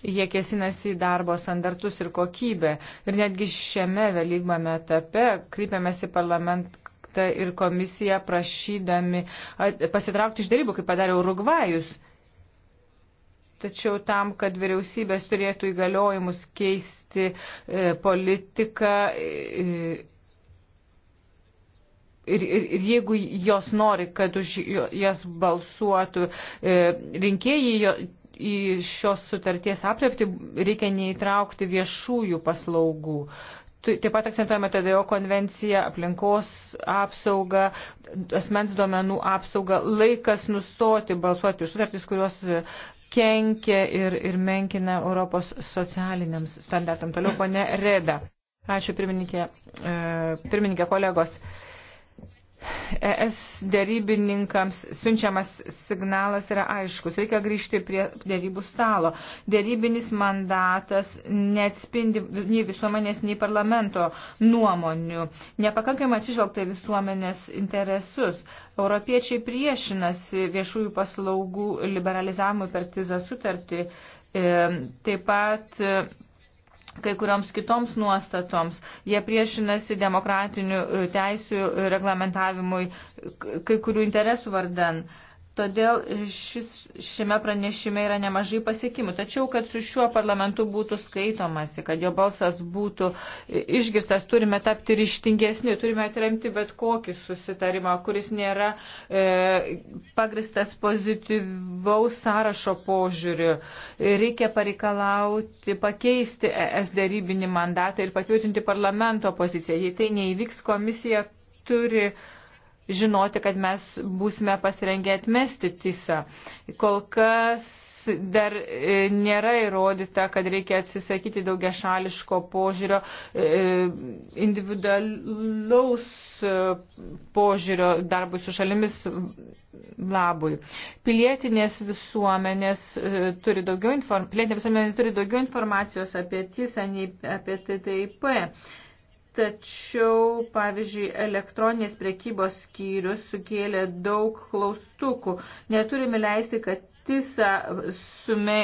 Jie kėsinasi į darbo standartus ir kokybę. Ir netgi šiame vėlygmame etape krypėmės į parlamentą ir komisiją prašydami pasitraukti iš darybų, kaip padarė Urugvajus. Tačiau tam, kad vyriausybės turėtų įgaliojimus keisti e, politiką. E, ir, ir, ir jeigu jos nori, kad už jas balsuotų e, rinkėjai, į šios sutarties aprepti reikia neįtraukti viešųjų paslaugų. Taip pat akcentuojame TDO konvenciją, aplinkos apsaugą, asmens duomenų apsaugą, laikas nustoti balsuoti už sutartis, kurios kenkia ir, ir menkina Europos socialiniams standartam. Toliau, ponė Reda. Ačiū, pirmininkė, e, pirmininkė kolegos. ES dėrybininkams siunčiamas signalas yra aiškus. Reikia grįžti prie dėrybų stalo. Dėrybinis mandatas neatspindi nei visuomenės, nei parlamento nuomonių. Nepakankamai atsižvelgta visuomenės interesus. Europiečiai priešinasi viešųjų paslaugų liberalizavimui per tizą sutartį. E, taip pat kai kurioms kitoms nuostatoms. Jie priešinasi demokratinių e, teisių reglamentavimui kai kurių interesų vardan. Uh, Todėl šis, šiame pranešime yra nemažai pasiekimų. Tačiau, kad su šiuo parlamentu būtų skaitomasi, kad jo balsas būtų išgirstas, turime tapti ryštingesni, turime atremti bet kokį susitarimą, kuris nėra e, pagristas pozityvaus sąrašo požiūriu. Reikia pareikalauti pakeisti ES darybinį mandatą ir patvirtinti parlamento poziciją. Jei tai neįvyks, komisija turi žinoti, kad mes būsime pasirengę atmesti tisą. Kol kas dar e, nėra įrodyta, kad reikia atsisakyti daugia šališko požiūrio, e, individualaus e, požiūrio darbui su šalimis labui. Pilietinės visuomenės turi daugiau, inform... Pilietinė visuomenė turi daugiau informacijos apie TISA nei apie TTIP. Tai Tačiau, pavyzdžiui, elektroninės priekybos skyrius sukėlė daug klaustukų. Neturime leisti, kad TISA sume,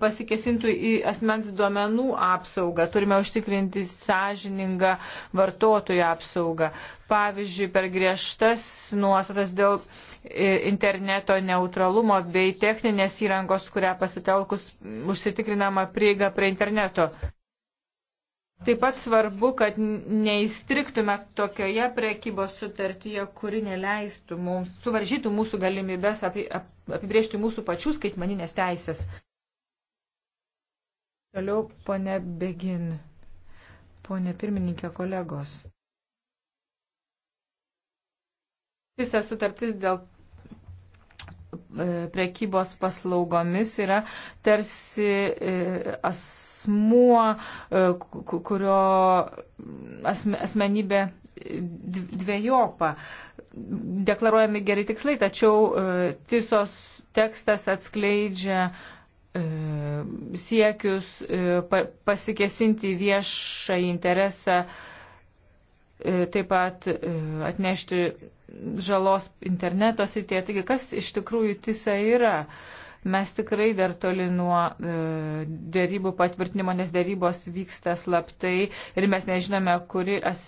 pasikesintų į asmens duomenų apsaugą. Turime užtikrinti sąžiningą vartotojų apsaugą. Pavyzdžiui, per griežtas nuostatas dėl e, interneto neutralumo bei techninės įrangos, kurią pasitelkus užsitikrinama prieiga prie interneto. Taip pat svarbu, kad neįstriktume tokioje prekybos sutartyje, kuri neleistų mums, suvaržytų mūsų galimybės apibriežti mūsų pačių skaitmaninės teisės. Toliau, ponė Begin, ponė pirmininkė kolegos. Visa sutartis dėl E, prekybos paslaugomis yra tarsi e, asmuo, e, kurio asmenybė dviejopa. Deklaruojami geri tikslai, tačiau tisos tekstas atskleidžia siekius pasikesinti viešą interesą E, taip pat e, atnešti žalos interneto srityje. Taigi, kas iš tikrųjų tisa yra? Mes tikrai dar toli nuo e, dėrybų patvirtinimo, nes dėrybos vyksta slaptai ir mes nežinome, kuri as,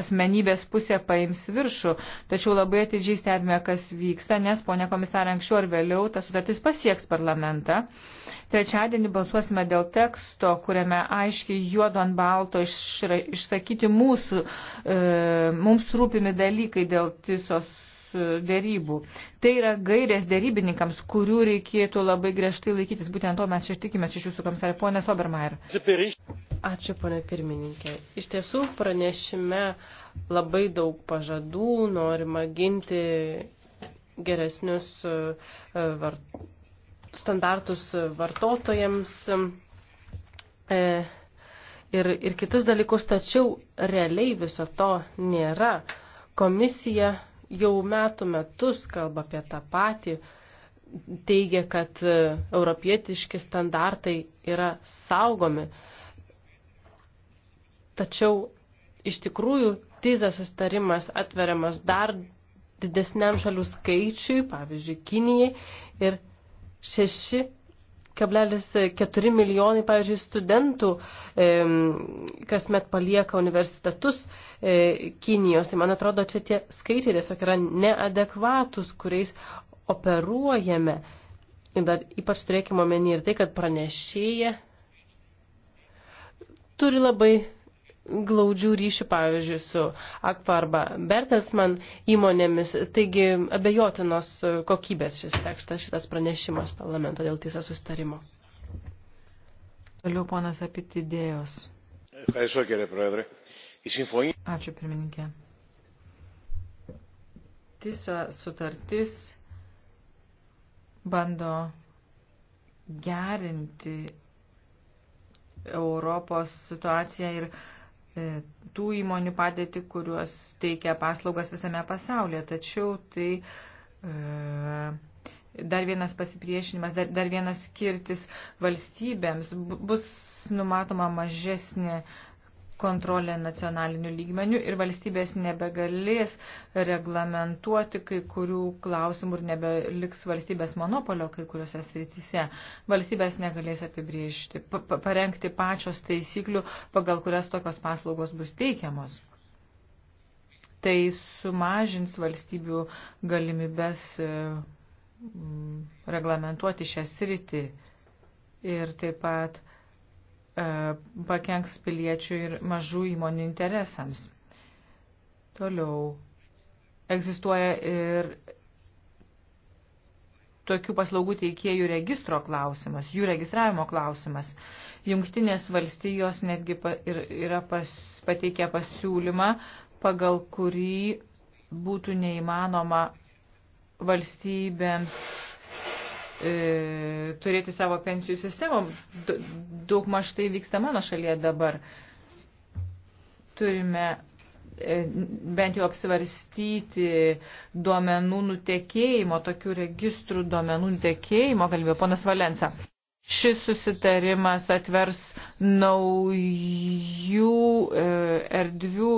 asmenybės pusė paims viršų. Tačiau labai atidžiai stebime, kas vyksta, nes, ponė komisarė, anksčiau ar vėliau ta sutartis pasieks parlamentą. Trečiadienį balsuosime dėl teksto, kuriame aiškiai juodo ant balto išsakyti mūsų, e, mums rūpimi dalykai dėl tisos dėrybų. Tai yra gairės dėrybininkams, kurių reikėtų labai griežtai laikytis. Būtent to mes ištikime iš jūsų komisarė, ponė Sobermair. Ačiū, ponė pirmininkė. Iš tiesų pranešime labai daug pažadų, norima ginti geresnius e, var... standartus vartotojams. E, ir, ir kitus dalykus, tačiau realiai viso to nėra. Komisija jau metų metus kalba apie tą patį, teigia, kad e, europietiški standartai yra saugomi. Tačiau iš tikrųjų tizas sustarimas atveriamas dar didesniam šalių skaičiui, pavyzdžiui, Kinijai, ir šeši 1,4 milijonai, pavyzdžiui, studentų e, kasmet palieka universitetus e, Kinijos. Ir man atrodo, čia tie skaičiai tiesiog yra neadekvatus, kuriais operuojame. Ir dar ypač turėkime omeny ir tai, kad pranešėja turi labai glaudžių ryšių, pavyzdžiui, su Akva arba Bertelsmann įmonėmis. Taigi abejotinos kokybės šis tekstas, šitas pranešimas parlamento dėl teisės sustarimo. Toliau ponas Apitidėjos. Ačiū, pirmininkė. Tisa sutartis bando gerinti Europos situaciją ir uh, E, tų įmonių padėti, kuriuos teikia paslaugas visame pasaulyje. Tačiau tai e, dar vienas pasipriešinimas, dar, dar vienas skirtis valstybėms bus numatoma mažesnė kontrolę nacionaliniu lygmeniu ir valstybės nebegalės reglamentuoti kai kurių klausimų ir nebeliks valstybės monopolio kai kuriuose srityse. Valstybės negalės apibriežti, parengti pačios taisyklių, pagal kurias tokios paslaugos bus teikiamos. Tai sumažins valstybių galimybės e, reglamentuoti šią sritį ir taip pat uh, E, pakenks piliečių ir mažų įmonių interesams. Toliau egzistuoja ir tokių paslaugų teikėjų registro klausimas, jų registravimo klausimas. Jungtinės valstijos netgi pa, ir, yra pas, pateikę pasiūlymą, pagal kurį būtų neįmanoma valstybėms e, turėti savo pensijų sistemą. Daug maž tai vyksta mano šalyje dabar. Turime e, bent jau apsvarstyti duomenų nutekėjimo, tokių registrų duomenų nutekėjimo, kalbėjo ponas Valensa. Šis susitarimas atvers naujų e, erdvių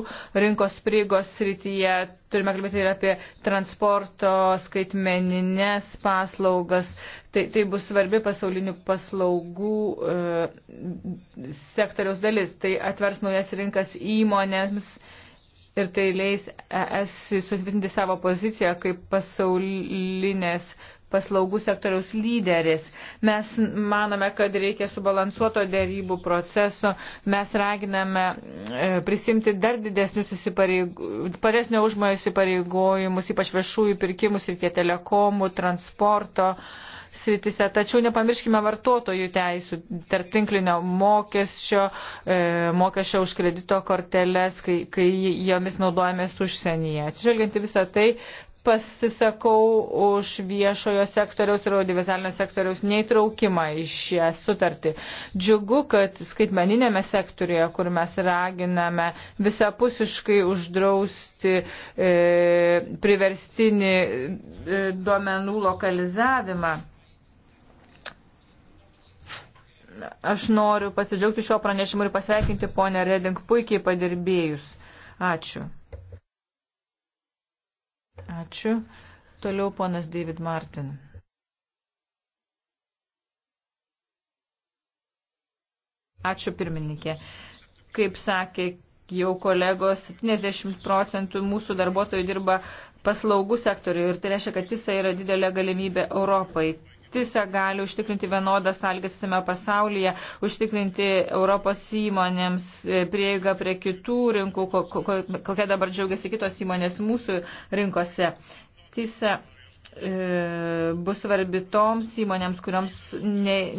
rinkos prieigos srityje. Turime kalbėti ir apie transporto skaitmeninės paslaugas. Tai, tai bus svarbi pasaulinių paslaugų e, sektoriaus dalis. Tai atvers naujas rinkas įmonėms ir tai leis ES sutvirtinti savo poziciją kaip pasaulinės paslaugų sektoriaus lyderis. Mes manome, kad reikia subalansuoto dėrybų proceso. Mes raginame e, prisimti dar didesnius paresnio užmojo įsipareigojimus, ypač viešųjų pirkimų srityje telekomų, transporto sritise. Tačiau nepamirškime vartotojų teisų, tarp tinklinio mokesčio, e, mokesčio už kredito korteles, kai, kai jomis naudojamės užsienyje. Atsižvelgiant į visą tai, pasisakau už viešojo sektoriaus ir audiovizualinio sektoriaus neįtraukimą į šią sutartį. Džiugu, kad skaitmeninėme sektoriuje, kur mes raginame visapusiškai uždrausti e, priverstinį e, duomenų lokalizavimą. Aš noriu pasidžiaugti šio pranešimu ir pasveikinti ponę Reding puikiai padirbėjus. Ačiū. Ačiū. Toliau ponas David Martin. Ačiū pirmininkė. Kaip sakė jau kolegos, 70 procentų mūsų darbuotojų dirba paslaugų sektoriui ir tai reiškia, kad jis yra didelė galimybė Europai tise gali užtikrinti vienodas sąlygas visame pasaulyje, užtikrinti Europos įmonėms e, prieigą prie kitų rinkų, kokia dabar džiaugiasi kitos įmonės mūsų rinkose. Tise e, bus svarbi toms įmonėms, kuriams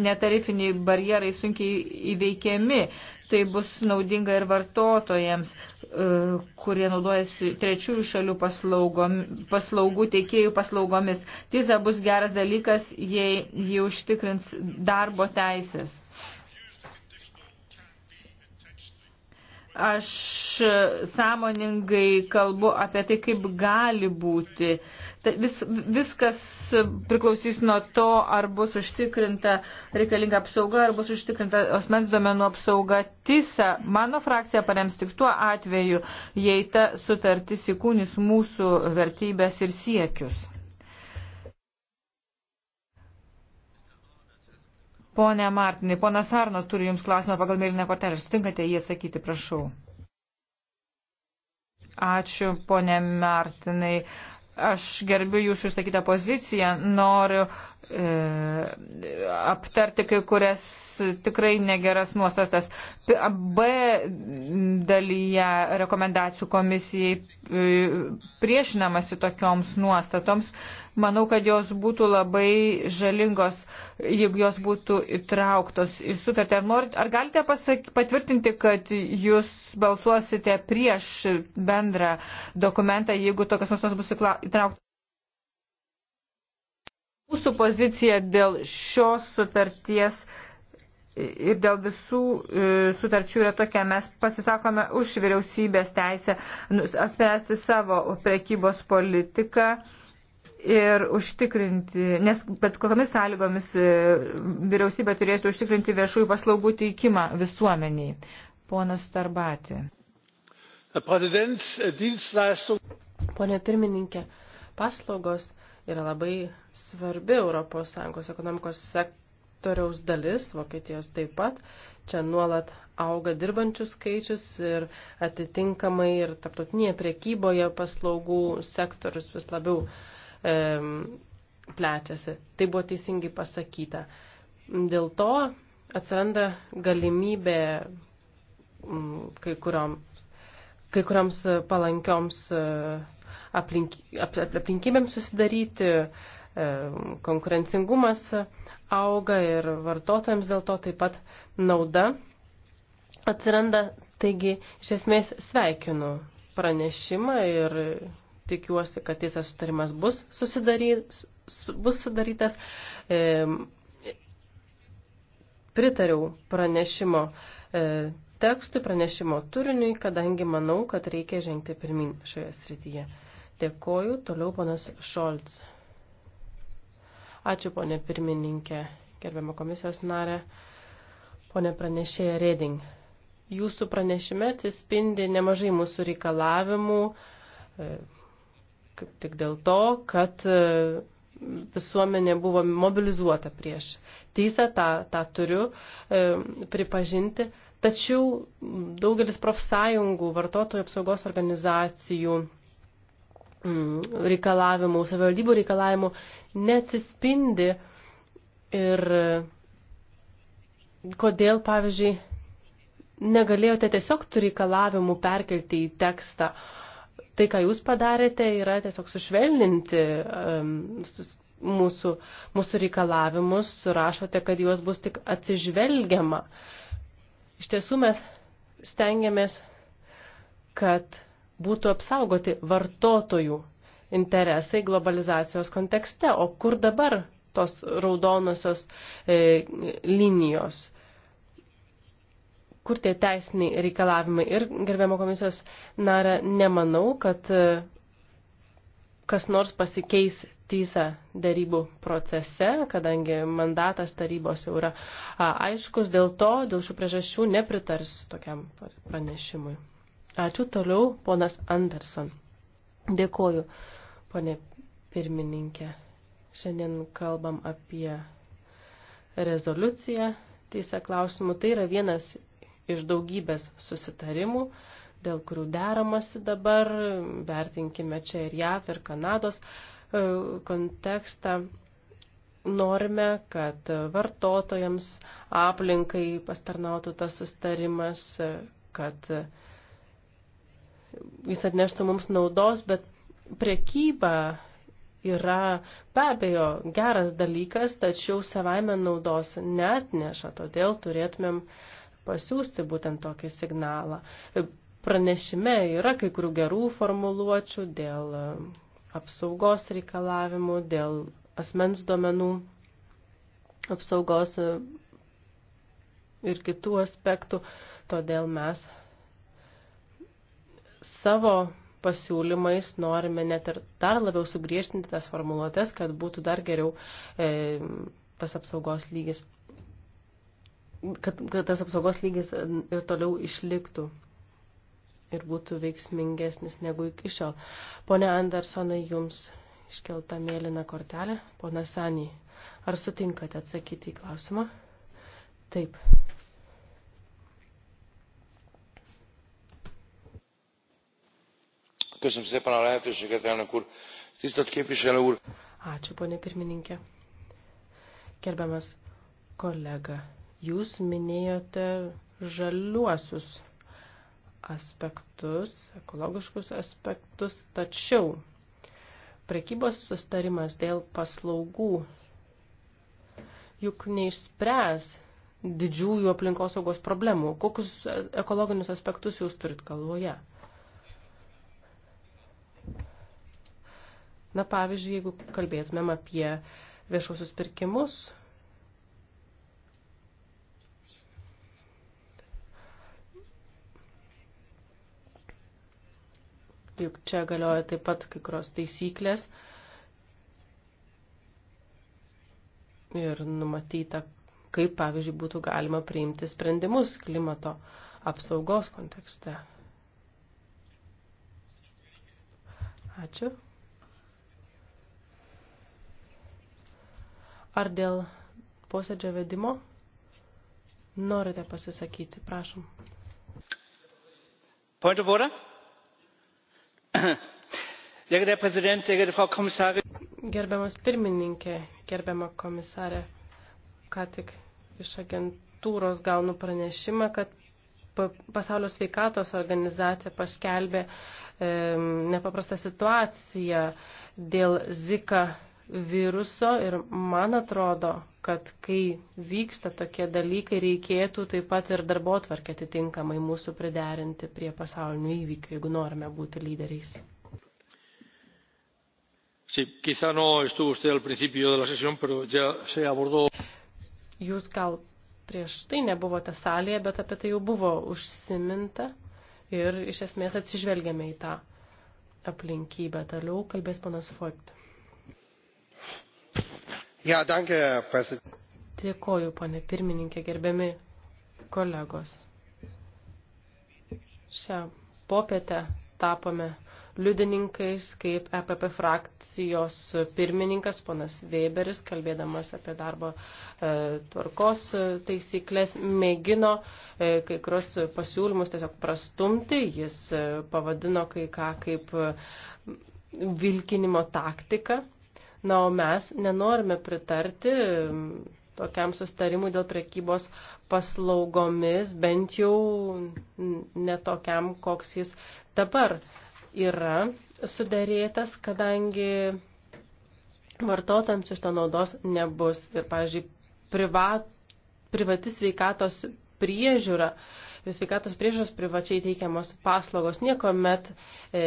netarifiniai barjerai sunkiai įveikiami. Tai bus naudinga ir vartotojams, e, kurie naudojasi trečiųjų šalių paslaugom, paslaugų teikėjų paslaugomis. Tiza bus geras dalykas, jei jį užtikrins darbo teisės. Aš sąmoningai kalbu apie tai, kaip gali būti uh, Tai vis, viskas priklausys nuo to, ar bus užtikrinta reikalinga apsauga, ar bus užtikrinta osmens duomenų apsauga. Tisa, mano frakcija parems tik tuo atveju, jei ta sutartis įkūnis mūsų vertybės ir siekius. Pone Martinai, ponas Arno turi Jums klausimą pagal mėlyną kortelę. Sutinkate jį atsakyti, prašau. Ačiū, ponė Martinai. Aš gerbiu jūsų išsakytą poziciją, noriu E, aptarti kai kurias tikrai negeras nuostatas. B dalyje rekomendacijų komisijai e, priešinamasi tokioms nuostatoms. Manau, kad jos būtų labai žalingos, jeigu jos būtų įtrauktos į sutartį. Ar, ar galite pasak, patvirtinti, kad jūs balsuosite prieš bendrą dokumentą, jeigu tokios nuostatos bus įtrauktos? Mūsų pozicija dėl šios sutarties ir dėl visų e, sutarčių yra tokia, mes pasisakome už vyriausybės teisę nu, spręsti savo prekybos politiką ir užtikrinti, nes bet kokiamis sąlygomis e, vyriausybė turėtų užtikrinti viešųjų paslaugų teikimą visuomeniai. Ponas Starbati. Pone pirmininkė, paslaugos yra labai svarbi ES ekonomikos sektoriaus dalis, Vokietijos taip pat. Čia nuolat auga dirbančių skaičius ir atitinkamai ir tarptautinėje priekyboje paslaugų sektorius vis labiau e, plečiasi. Tai buvo teisingai pasakyta. Dėl to atsiranda galimybė m, kai kuriom kai kurioms palankioms e, aplink, ap, aplinkybėms susidaryti, e, konkurencingumas auga ir vartotojams dėl to taip pat nauda atsiranda. Taigi, iš esmės sveikinu pranešimą ir tikiuosi, kad teisės sutarimas bus, susidary, bus sudarytas. E, pritariau pranešimo e, tekstui, pranešimo turiniui, kadangi manau, kad reikia žengti pirmin šioje srityje. Dėkoju. Toliau ponas Šolts. Ačiū, ponė pirmininkė, gerbiamo komisijos narė, ponė pranešėja Reding. Jūsų pranešime atsispindi nemažai mūsų reikalavimų, e, kaip tik dėl to, kad e, visuomenė buvo mobilizuota prieš teisę, tą, tą turiu e, pripažinti. Tačiau daugelis profsąjungų, vartotojų apsaugos organizacijų Mm, reikalavimų, savivaldybių reikalavimų neatsispindi ir kodėl, pavyzdžiui, negalėjote tiesiog tų reikalavimų perkelti į tekstą. Tai, ką jūs padarėte, yra tiesiog sušvelninti um, mūsų, mūsų reikalavimus, surašote, kad juos bus tik atsižvelgiama. Iš tiesų mes stengiamės, kad būtų apsaugoti vartotojų interesai globalizacijos kontekste. O kur dabar tos raudonosios e, linijos? Kur tie teisiniai reikalavimai? Ir, gerbiamo komisijos narė, nemanau, kad e, kas nors pasikeis tysa darybų procese, kadangi mandatas tarybos jau yra a, aiškus, dėl to, dėl šių priežasčių nepritars tokiam pranešimui. Ačiū toliau, ponas Anderson. Dėkoju, ponė pirmininkė. Šiandien kalbam apie rezoliuciją teisę klausimų. Tai yra vienas iš daugybės susitarimų, dėl kurių deramasi dabar. Vertinkime čia ir JAV, ir Kanados e, kontekstą. Norime, kad vartotojams aplinkai pastarnautų tas sustarimas, e, kad uh, jis atneštų mums naudos, bet prekyba yra be abejo geras dalykas, tačiau savaime naudos netneša, todėl turėtumėm pasiūsti būtent tokį signalą. Pranešime yra kai kurių gerų formuluočių dėl e, apsaugos reikalavimų, dėl asmens duomenų apsaugos e, ir kitų aspektų, todėl mes savo pasiūlymais norime net ir dar labiau sugriežtinti tas formuluotės, kad būtų dar geriau e, tas apsaugos lygis, kad, kad tas apsaugos lygis ir toliau išliktų ir būtų veiksmingesnis negu iki šiol. Pone Andersonai, jums iškelta mėlyna kortelė. Pone Sanį, ar sutinkate atsakyti į klausimą? Taip. Ačiū, ponė pirmininkė. Gerbiamas kolega, jūs minėjote žaliuosius aspektus, ekologiškus aspektus, tačiau prekybos sustarimas dėl paslaugų juk neišspręs didžiųjų aplinkosaugos problemų. Kokius ekologinius aspektus jūs turit galvoje? Na, pavyzdžiui, jeigu kalbėtumėm apie viešuosius pirkimus, juk čia galioja taip pat kai kurios taisyklės ir numatyta, kaip, pavyzdžiui, būtų galima priimti sprendimus klimato apsaugos kontekste. Ačiū. Ar dėl posėdžio vedimo norite pasisakyti? Prašom. Point of order. Sehr geehrter Herr Präsident, sehr geehrte Frau Kommissarin. Gerbiamas pirmininkė, gerbiama komisarė, ką tik iš agentūros gaunu pranešimą, kad Pasaulio sveikatos organizacija paskelbė e, nepaprastą situaciją dėl Zika viruso ir man atrodo, kad kai vyksta tokie dalykai, reikėtų taip pat ir darbo tvarkę atitinkamai mūsų priderinti prie pasaulinių įvykių, jeigu norime būti lyderiais. Sí, quizá no estuvo usted al principio de la sesión, pero ya se abordó. Jūs gal prieš tai nebuvote salėje, bet apie tai jau buvo užsiminta ir iš esmės atsižvelgėme į tą aplinkybę. Toliau kalbės panas Fogt. Ja, danke, Dėkoju, pane pirmininkė, gerbiami kolegos. Šią popietę tapome liudininkais, kaip EPP frakcijos pirmininkas ponas Weberis, kalbėdamas apie darbo e, tvarkos e, taisyklės, mėgino e, kai kurios pasiūlymus tiesiog prastumti. Jis e, pavadino kai ką kaip vilkinimo taktiką. Na, o mes nenorime pritarti mm, tokiam sustarimui dėl prekybos paslaugomis, bent jau netokiam, koks jis dabar yra sudarėtas, kadangi vartotojams iš to naudos nebus. Ir, pavyzdžiui, privat, privati sveikatos priežiūra, sveikatos priežiūros privačiai teikiamos paslaugos niekuomet e,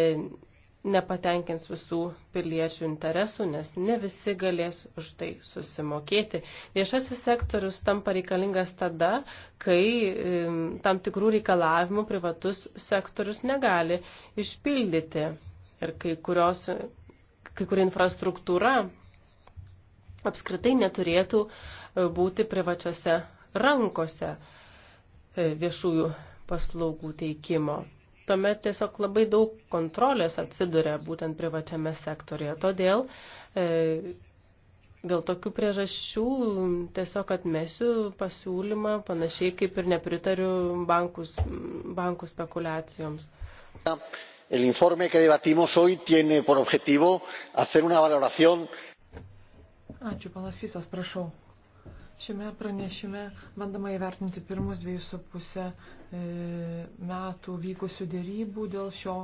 nepatenkins visų piliečių interesų, nes ne visi galės už tai susimokėti. Viešasis sektorius tampa reikalingas tada, kai tam tikrų reikalavimų privatus sektorius negali išpildyti ir kai, kurios, kai kuri infrastruktūra apskritai neturėtų e, būti privačiose rankose e, viešųjų paslaugų teikimo tuomet tiesiog labai daug kontrolės atsiduria būtent privačiame sektorėje. Todėl e, dėl tokių priežasčių tiesiog atmesiu pasiūlymą, panašiai kaip ir nepritariu bankus, bankų spekulacijoms. El informe que debatimos hoy tiene por objetivo hacer una valoración. Ačiū, panas Fisas, prašau. Šiame pranešime bandama įvertinti pirmus dviejus su pusę e, metų vykusių dėrybų dėl šio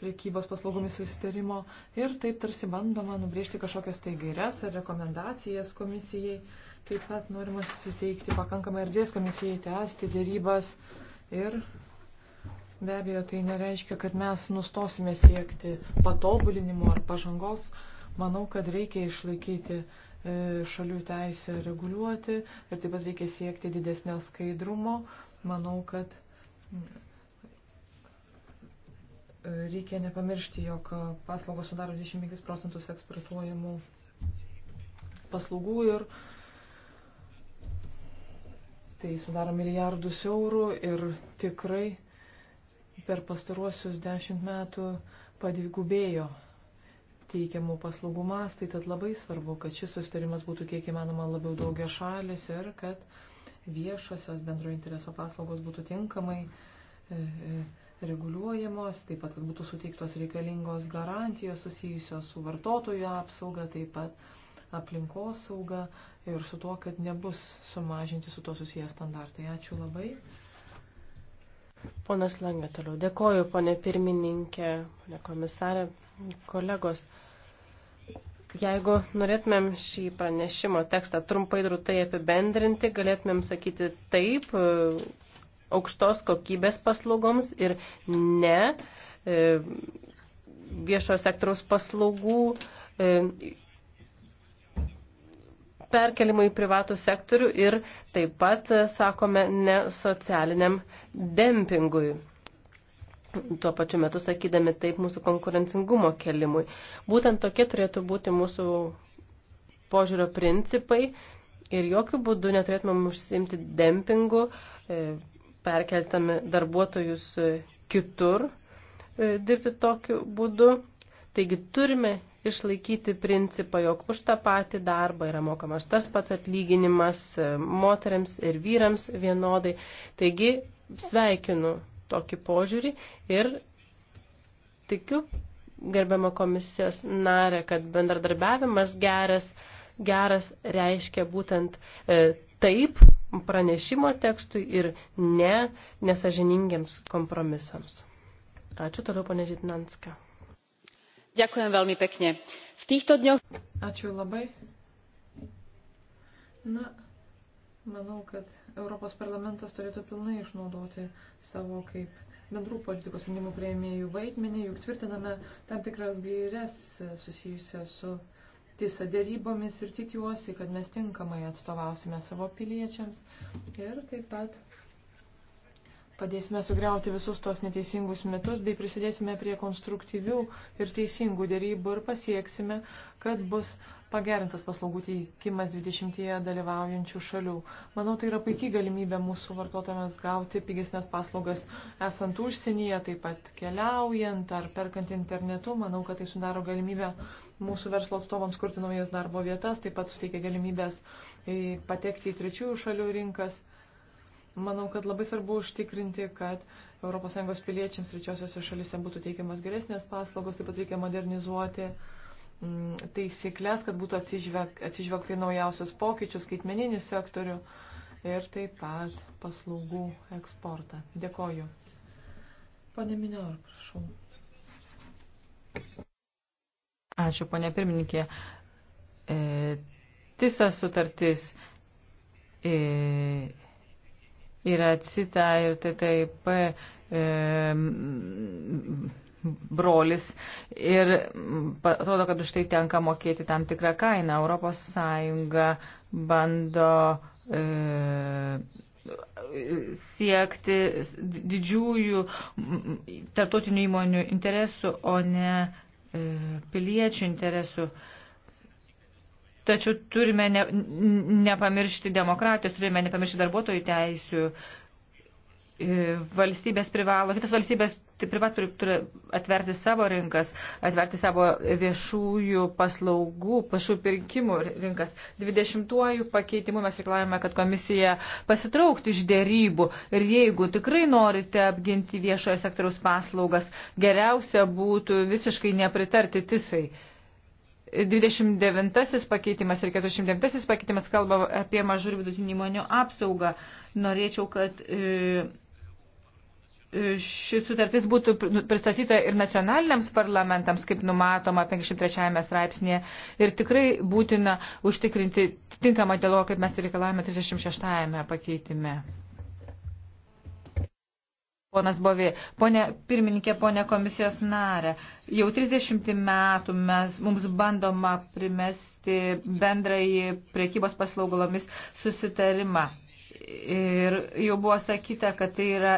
priekybos paslaugomis susitarimo ir taip tarsi bandoma nubrėžti kažkokias tai gairias ar rekomendacijas komisijai. Taip pat norima suteikti pakankamą erdvės komisijai tęsti dėrybas ir be abejo tai nereiškia, kad mes nustosime siekti patobulinimo ar pažangos. Manau, kad reikia išlaikyti E, šalių teisę reguliuoti ir taip pat reikia siekti didesnio skaidrumo. Manau, kad e, reikia nepamiršti, jog paslaugos sudaro 25 procentus eksportuojamų paslaugų ir tai sudaro milijardus eurų ir tikrai per pastaruosius dešimt metų padvigubėjo teikiamų paslaugų mastai, tad labai svarbu, kad šis sustarimas būtų kiek įmanoma labiau daugia šalis ir kad viešosios bendro intereso paslaugos būtų tinkamai e, e, reguliuojamos, taip pat, kad būtų suteiktos reikalingos garantijos susijusios su vartotojų apsauga, taip pat aplinkos sauga ir su to, kad nebus sumažinti su to susiję standartai. Ačiū labai. Ponas Langė toliau. Dėkoju, ponė pirmininkė, ponė komisarė, kolegos. Jeigu norėtumėm šį pranešimo tekstą trumpai drūtai apibendrinti, galėtumėm sakyti taip aukštos kokybės paslaugoms ir ne e, viešojo sektoriaus paslaugų e, perkelimui į privatų sektorių ir taip pat e, sakome ne socialiniam dempingui. Tuo pačiu metu sakydami taip mūsų konkurencingumo kelimui. Būtent tokie turėtų būti mūsų požiūrio principai ir jokių būdų neturėtumėm užsimti dempingu, e, perkeltami darbuotojus e, kitur dirbti tokiu būdu. Taigi turime išlaikyti principą, jog už tą patį darbą yra mokamas tas pats atlyginimas e, moteriams ir vyrams vienodai. Taigi sveikinu tokį požiūrį ir tikiu, gerbiama komisijos narė, kad bendradarbiavimas geras, geras reiškia būtent e, taip pranešimo tekstui ir ne nesažiningiams kompromisams. Ačiū toliau, ponė Žitnanska. Ďakujem veľmi pekne. V týchto dňoch. Ačiū labai. Na, manau, kad Europos parlamentas turėtų pilnai išnaudoti savo kaip bendrų politikos sprendimų prieimėjų vaidmenį, juk tvirtiname tam tikras gairias susijusias su tiesa dėrybomis ir tikiuosi, kad mes tinkamai atstovausime savo piliečiams ir taip pat Padėsime sugriauti visus tos neteisingus mitus bei prisidėsime prie konstruktyvių ir teisingų dėrybų ir pasieksime, kad bus pagerintas paslaugų teikimas 20 dalyvaujančių šalių. Manau, tai yra puikiai galimybė mūsų vartotojams gauti pigesnės paslaugas esant užsienyje, taip pat keliaujant ar perkant internetu. Manau, kad tai sudaro galimybę mūsų verslo atstovams kurti naujas darbo vietas, taip pat suteikia galimybės patekti į trečiųjų šalių rinkas. Manau, kad labai svarbu užtikrinti, kad ES piliečiams ryčiosiuose šalise būtų teikiamas geresnės paslaugos, taip pat reikia modernizuoti mm, taisyklės, kad būtų atsižvelg, atsižvelgti naujausius pokyčius, skaitmeninį sektorių ir taip pat paslaugų eksportą. Dėkoju. Pane Minior, prašau. Ačiū, ponė pirmininkė. E, tisa sutartis. E, yra CITA ir TTIP e, brolis ir atrodo, kad už tai tenka mokėti tam tikrą kainą. Europos Sąjunga bando e, siekti didžiųjų tarptautinių įmonių interesų, o ne e, piliečių interesų. E, Tačiau turime ne, nepamiršti demokratijos, turime nepamiršti darbuotojų teisių. E, valstybės privalo, kitas valstybės taip pat turi, turi atverti savo rinkas, atverti savo viešųjų paslaugų, pašų pirkimų rinkas. 20-uoju pakeitimu mes reikalavome, kad komisija pasitrauktų iš dėrybų ir jeigu tikrai norite apginti viešojo sektoriaus paslaugas, geriausia būtų visiškai nepritarti tisai. 29 pakeitimas ir 49 pakeitimas kalba apie mažų ir vidutinių įmonių apsaugą. Norėčiau, kad e, e, ši sutartis būtų nu, pristatyta ir nacionaliniams parlamentams, kaip numatoma 53 straipsnėje, ir tikrai būtina užtikrinti tinkamą dialogą, kaip mes reikalavome 36 pakeitime. Ponas Bovė, ponė pirmininkė, ponė komisijos narė, jau 30 metų mes, mums bandoma primesti bendrąjį priekybos paslaugulomis susitarimą. Ir jau buvo sakyta, kad tai yra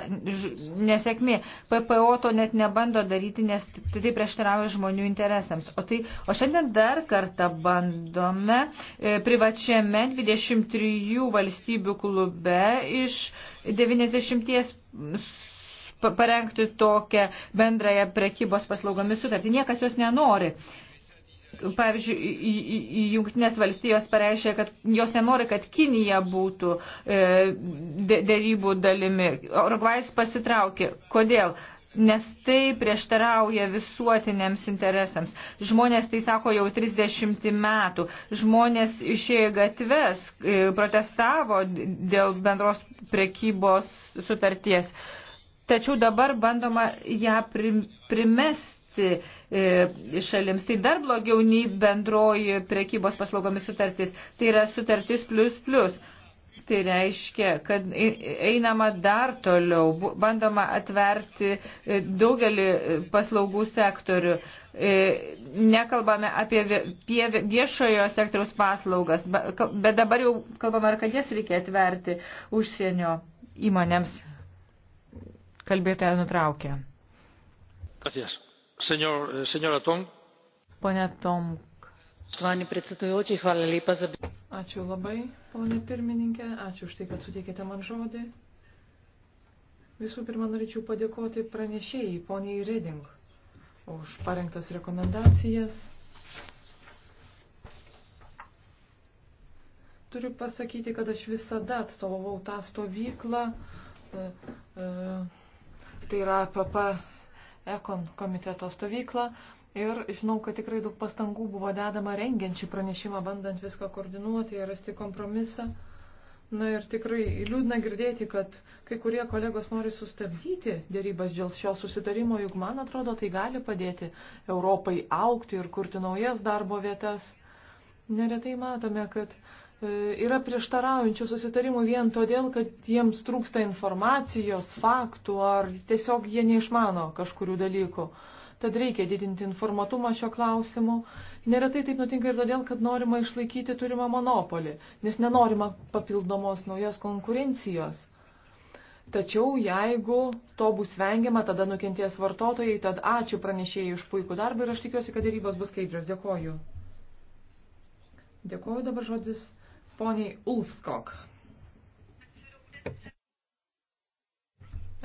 nesėkmė. PPO to net nebando daryti, nes tai prieštarauja žmonių interesams. O, tai, o šiandien dar kartą bandome e, privačiame 23 valstybių klube iš 90 parengti tokią bendrąją prekybos paslaugomis sutartį. Niekas jos nenori. Pavyzdžiui, Junktinės valstijos pareiškia, kad jos nenori, kad Kinija būtų e, dėrybų dalimi. Urugvajs pasitraukė. Kodėl? nes tai prieštarauja visuotiniams interesams. Žmonės tai sako jau 30 metų. Žmonės išėjo gatves, e, protestavo dėl bendros prekybos sutarties tačiau dabar bandoma ją primesti e, šalims. Tai dar blogiau nei bendroji prekybos paslaugomis sutartis. Tai yra sutartis plus plus. Tai reiškia, kad e, einama dar toliau, bandoma atverti e, daugelį paslaugų sektorių. Nekalbame apie viešojo sektoriaus paslaugas, bet dabar jau kalbame, ar kad jas reikia atverti užsienio įmonėms. Kalbėtoja nutraukė. Eh, Pone Tomk. Ačiū labai, ponė pirmininkė, ačiū už tai, kad suteikėte man žodį. Visų pirma, norėčiau padėkoti pranešėjai, poniai Reding, už parengtas rekomendacijas. Turiu pasakyti, kad aš visada atstovavau tą stovyklą. E, e, tai yra PP Ekon komiteto stovyklą. Ir žinau, kad tikrai daug pastangų buvo dedama rengiančių pranešimą, bandant viską koordinuoti ir rasti kompromisą. Na ir tikrai liūdna girdėti, kad kai kurie kolegos nori sustabdyti dėrybas dėl šio susitarimo, juk man atrodo, tai gali padėti Europai aukti ir kurti naujas darbo vietas. Neretai matome, kad E, yra prieštaraujančių susitarimų vien todėl, kad jiems trūksta informacijos, faktų ar tiesiog jie neišmano kažkurių dalykų. Tad reikia didinti informatumą šio klausimu. Neretai taip nutinka ir todėl, kad norima išlaikyti turimą monopolį, nes nenorima papildomos naujos konkurencijos. Tačiau jeigu to bus vengiama, tada nukenties vartotojai, tad ačiū pranešėjai už puikų darbą ir aš tikiuosi, kad dėrybos bus skaidrios. Dėkoju. Dėkoju dabar žodis poniai Ulfskok.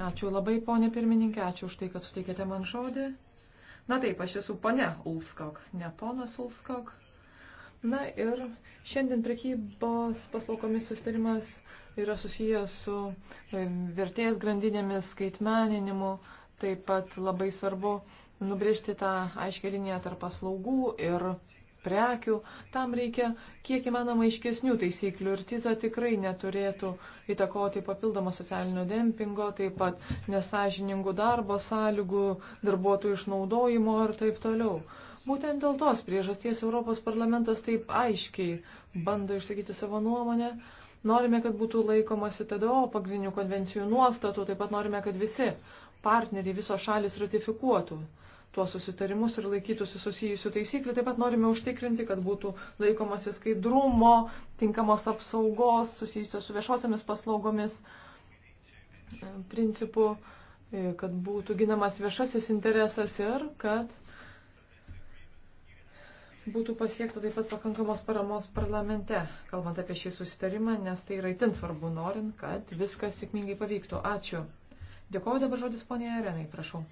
Ačiū labai, ponė pirmininkė, ačiū už tai, kad suteikėte man žodį. Na taip, aš esu ponia Ulfskok, ne ponas Ulfskok. Na ir šiandien prekybos paslaugomis sustarimas yra susijęs su vertės grandinėmis, skaitmeninimu, taip pat labai svarbu nubrėžti tą aiškę liniją tarp paslaugų ir prekių, tam reikia kiek įmanoma aiškesnių taisyklių ir tiza tikrai neturėtų įtakoti papildomo socialinio dempingo, taip pat nesažiningų darbo sąlygų, darbuotojų išnaudojimo ir taip toliau. Būtent dėl tos priežasties Europos parlamentas taip aiškiai bando išsakyti savo nuomonę. Norime, kad būtų laikomasi TDO pagrindinių konvencijų nuostatų, taip pat norime, kad visi partneriai, visos šalis ratifikuotų tuos susitarimus ir laikytųsi susijusių taisyklių. Taip pat norime užtikrinti, kad būtų laikomasi skaidrumo, tinkamos apsaugos susijusios su viešosiamis paslaugomis e, principų, e, kad būtų ginamas viešasis interesas ir kad būtų pasiekta taip pat pakankamos paramos parlamente, kalbant apie šį susitarimą, nes tai yra itin svarbu norint, kad viskas sėkmingai pavyktų. Ačiū. Dėkuoju dabar žodis ponė Arenai, prašau.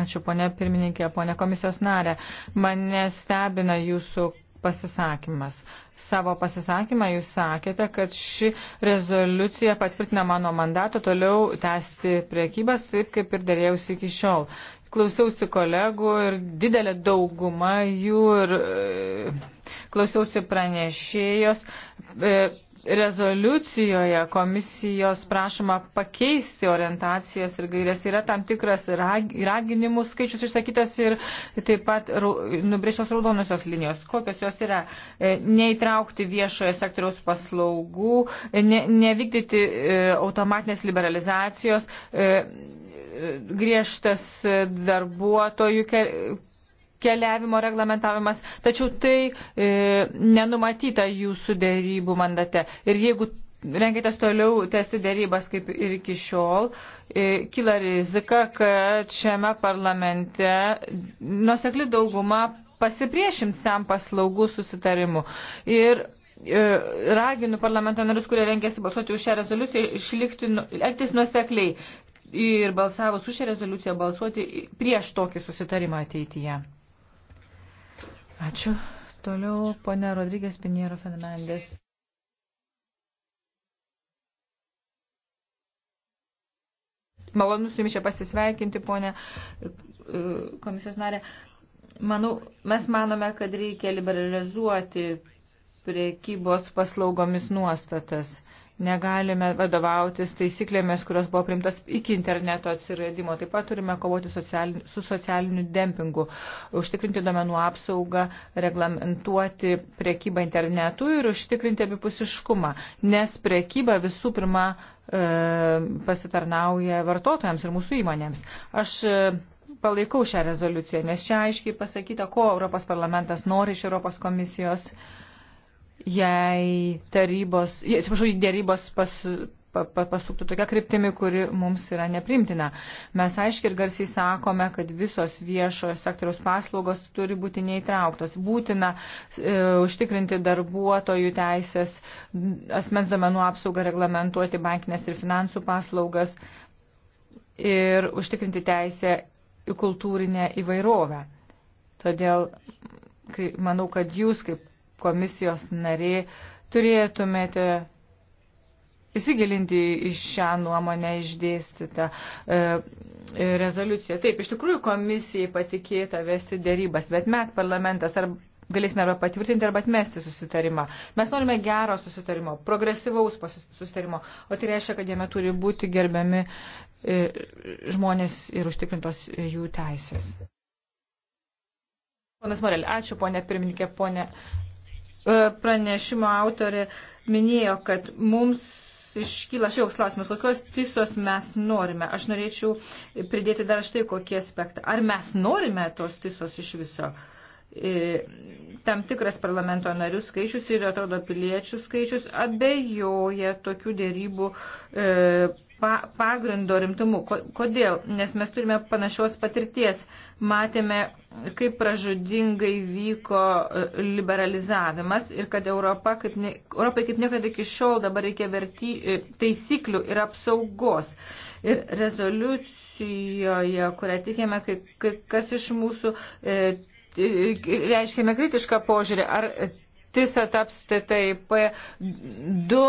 Ačiū, ponė pirmininkė, ponė komisijos narė. Mane stebina jūsų pasisakymas. Savo pasisakymą jūs sakėte, kad ši rezoliucija patvirtina mano mandatą toliau tęsti priekybas taip, kaip ir dėrėjausi iki šiol. Klausiausi kolegų ir didelė dauguma jų ir klausiausi pranešėjos. E, rezoliucijoje komisijos prašoma pakeisti orientacijas ir gairias. Yra tam tikras raginimų skaičius išsakytas ir taip pat nubrėžtos raudonosios linijos. Kokios jos yra? E, neįtraukti viešojo sektoriaus paslaugų, e, ne, nevykdyti automatinės liberalizacijos, griežtas darbuotojų keliavimo reglamentavimas, tačiau tai e, nenumatyta jūsų dėrybų mandate. Ir jeigu rengitės toliau tęsti dėrybas kaip ir iki šiol, e, kyla rizika, kad šiame parlamente nusekli dauguma pasipriešins šiam paslaugų susitarimu. Ir e, raginu parlamento narius, kurie rengėsi balsuoti už šią rezoliuciją, išlikti, nu, elgtis nuosekliai ir balsavus už šią rezoliuciją balsuoti prieš tokį susitarimą ateityje. Ačiū. Toliau ponia Rodrygės Piniero Fernandės. Malonu su jumis čia pasisveikinti, ponia e, komisijos narė. Manau, mes manome, kad reikia liberalizuoti priekybos paslaugomis nuostatas. Negalime vadovautis taisyklėmis, kurios buvo primtas iki interneto atsiradimo. Taip pat turime kovoti socialin, su socialiniu dempingu, užtikrinti domenų apsaugą, reglamentuoti prekybą internetu ir užtikrinti abipusiškumą, nes prekyba visų pirma e, pasitarnauja vartotojams ir mūsų įmonėms. Aš e, palaikau šią rezoliuciją, nes čia aiškiai pasakyta, ko Europos parlamentas nori iš Europos komisijos. E, jei tarybos, atsiprašau, dėrybos pas, pa, pa, pasuktų tokia kryptimi, kuri mums yra neprimtina. Mes aiškiai ir garsiai sakome, kad visos viešojo sektoriaus paslaugos turi būti neįtrauktos. Būtina e, užtikrinti darbuotojų teisės, asmens domenų apsaugą reglamentuoti bankinės ir finansų paslaugas ir užtikrinti teisę į kultūrinę įvairovę. Todėl manau, kad jūs kaip komisijos narė, turėtumėte įsigilinti į šią nuomonę išdėstytą e, e, rezoliuciją. Taip, iš tikrųjų komisijai patikėta vesti dėrybas, bet mes parlamentas ar galėsime arba patvirtinti arba atmesti susitarimą. Mes norime gero susitarimo, progresyvaus susitarimo, o tai reiškia, kad jame turi būti gerbiami e, žmonės ir užtikrintos jų teisės. Ponas Morelė, ačiū ponė pirmininkė, ponė E, pranešimo autorė minėjo, kad mums iškyla šioks klausimas, kokios tisos mes norime. Aš norėčiau pridėti dar štai kokį aspektą. Ar mes norime tos tisos iš viso? E, tam tikras parlamento narių skaičius ir atrodo piliečių skaičius abejoja tokių dėrybų e, pa, pagrindo rimtumu. Kodėl? Nes mes turime panašios patirties. Matėme, kaip pražudingai vyko e, liberalizavimas ir kad Europa, kaip ne, Europai kaip niekada iki šiol dabar reikia verty, e, taisyklių ir apsaugos. Ir rezoliucijoje, kurią tikėme, kai, kai, kas iš mūsų. E, e reiškėme kritišką požiūrį, ar TISA taps TTIP 2,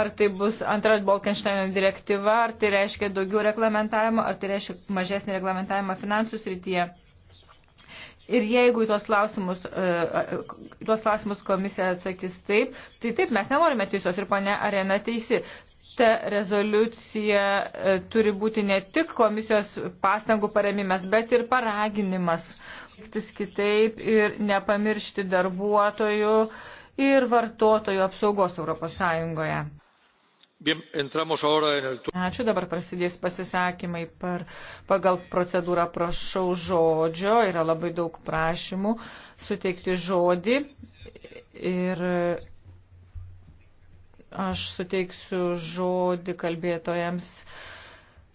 ar tai bus antra Bolkensteino direktyva, ar tai reiškia daugiau reglamentavimo, ar tai reiškia mažesnį reglamentavimą finansų srityje. Ir jeigu į tuos klausimus, į e, e, tuos klausimus komisija atsakys taip, tai taip mes nenorime teisos ir ponia Arena teisi ta rezoliucija e, turi būti ne tik komisijos pastangų paremimas, bet ir paraginimas. Ktis kitaip ir nepamiršti darbuotojų ir vartotojų apsaugos Europos Sąjungoje. Bien, el... Ačiū, dabar prasidės pasisakymai per, pagal procedūrą prašau žodžio, yra labai daug prašymų suteikti žodį ir Aš suteiksiu žodį kalbėtojams.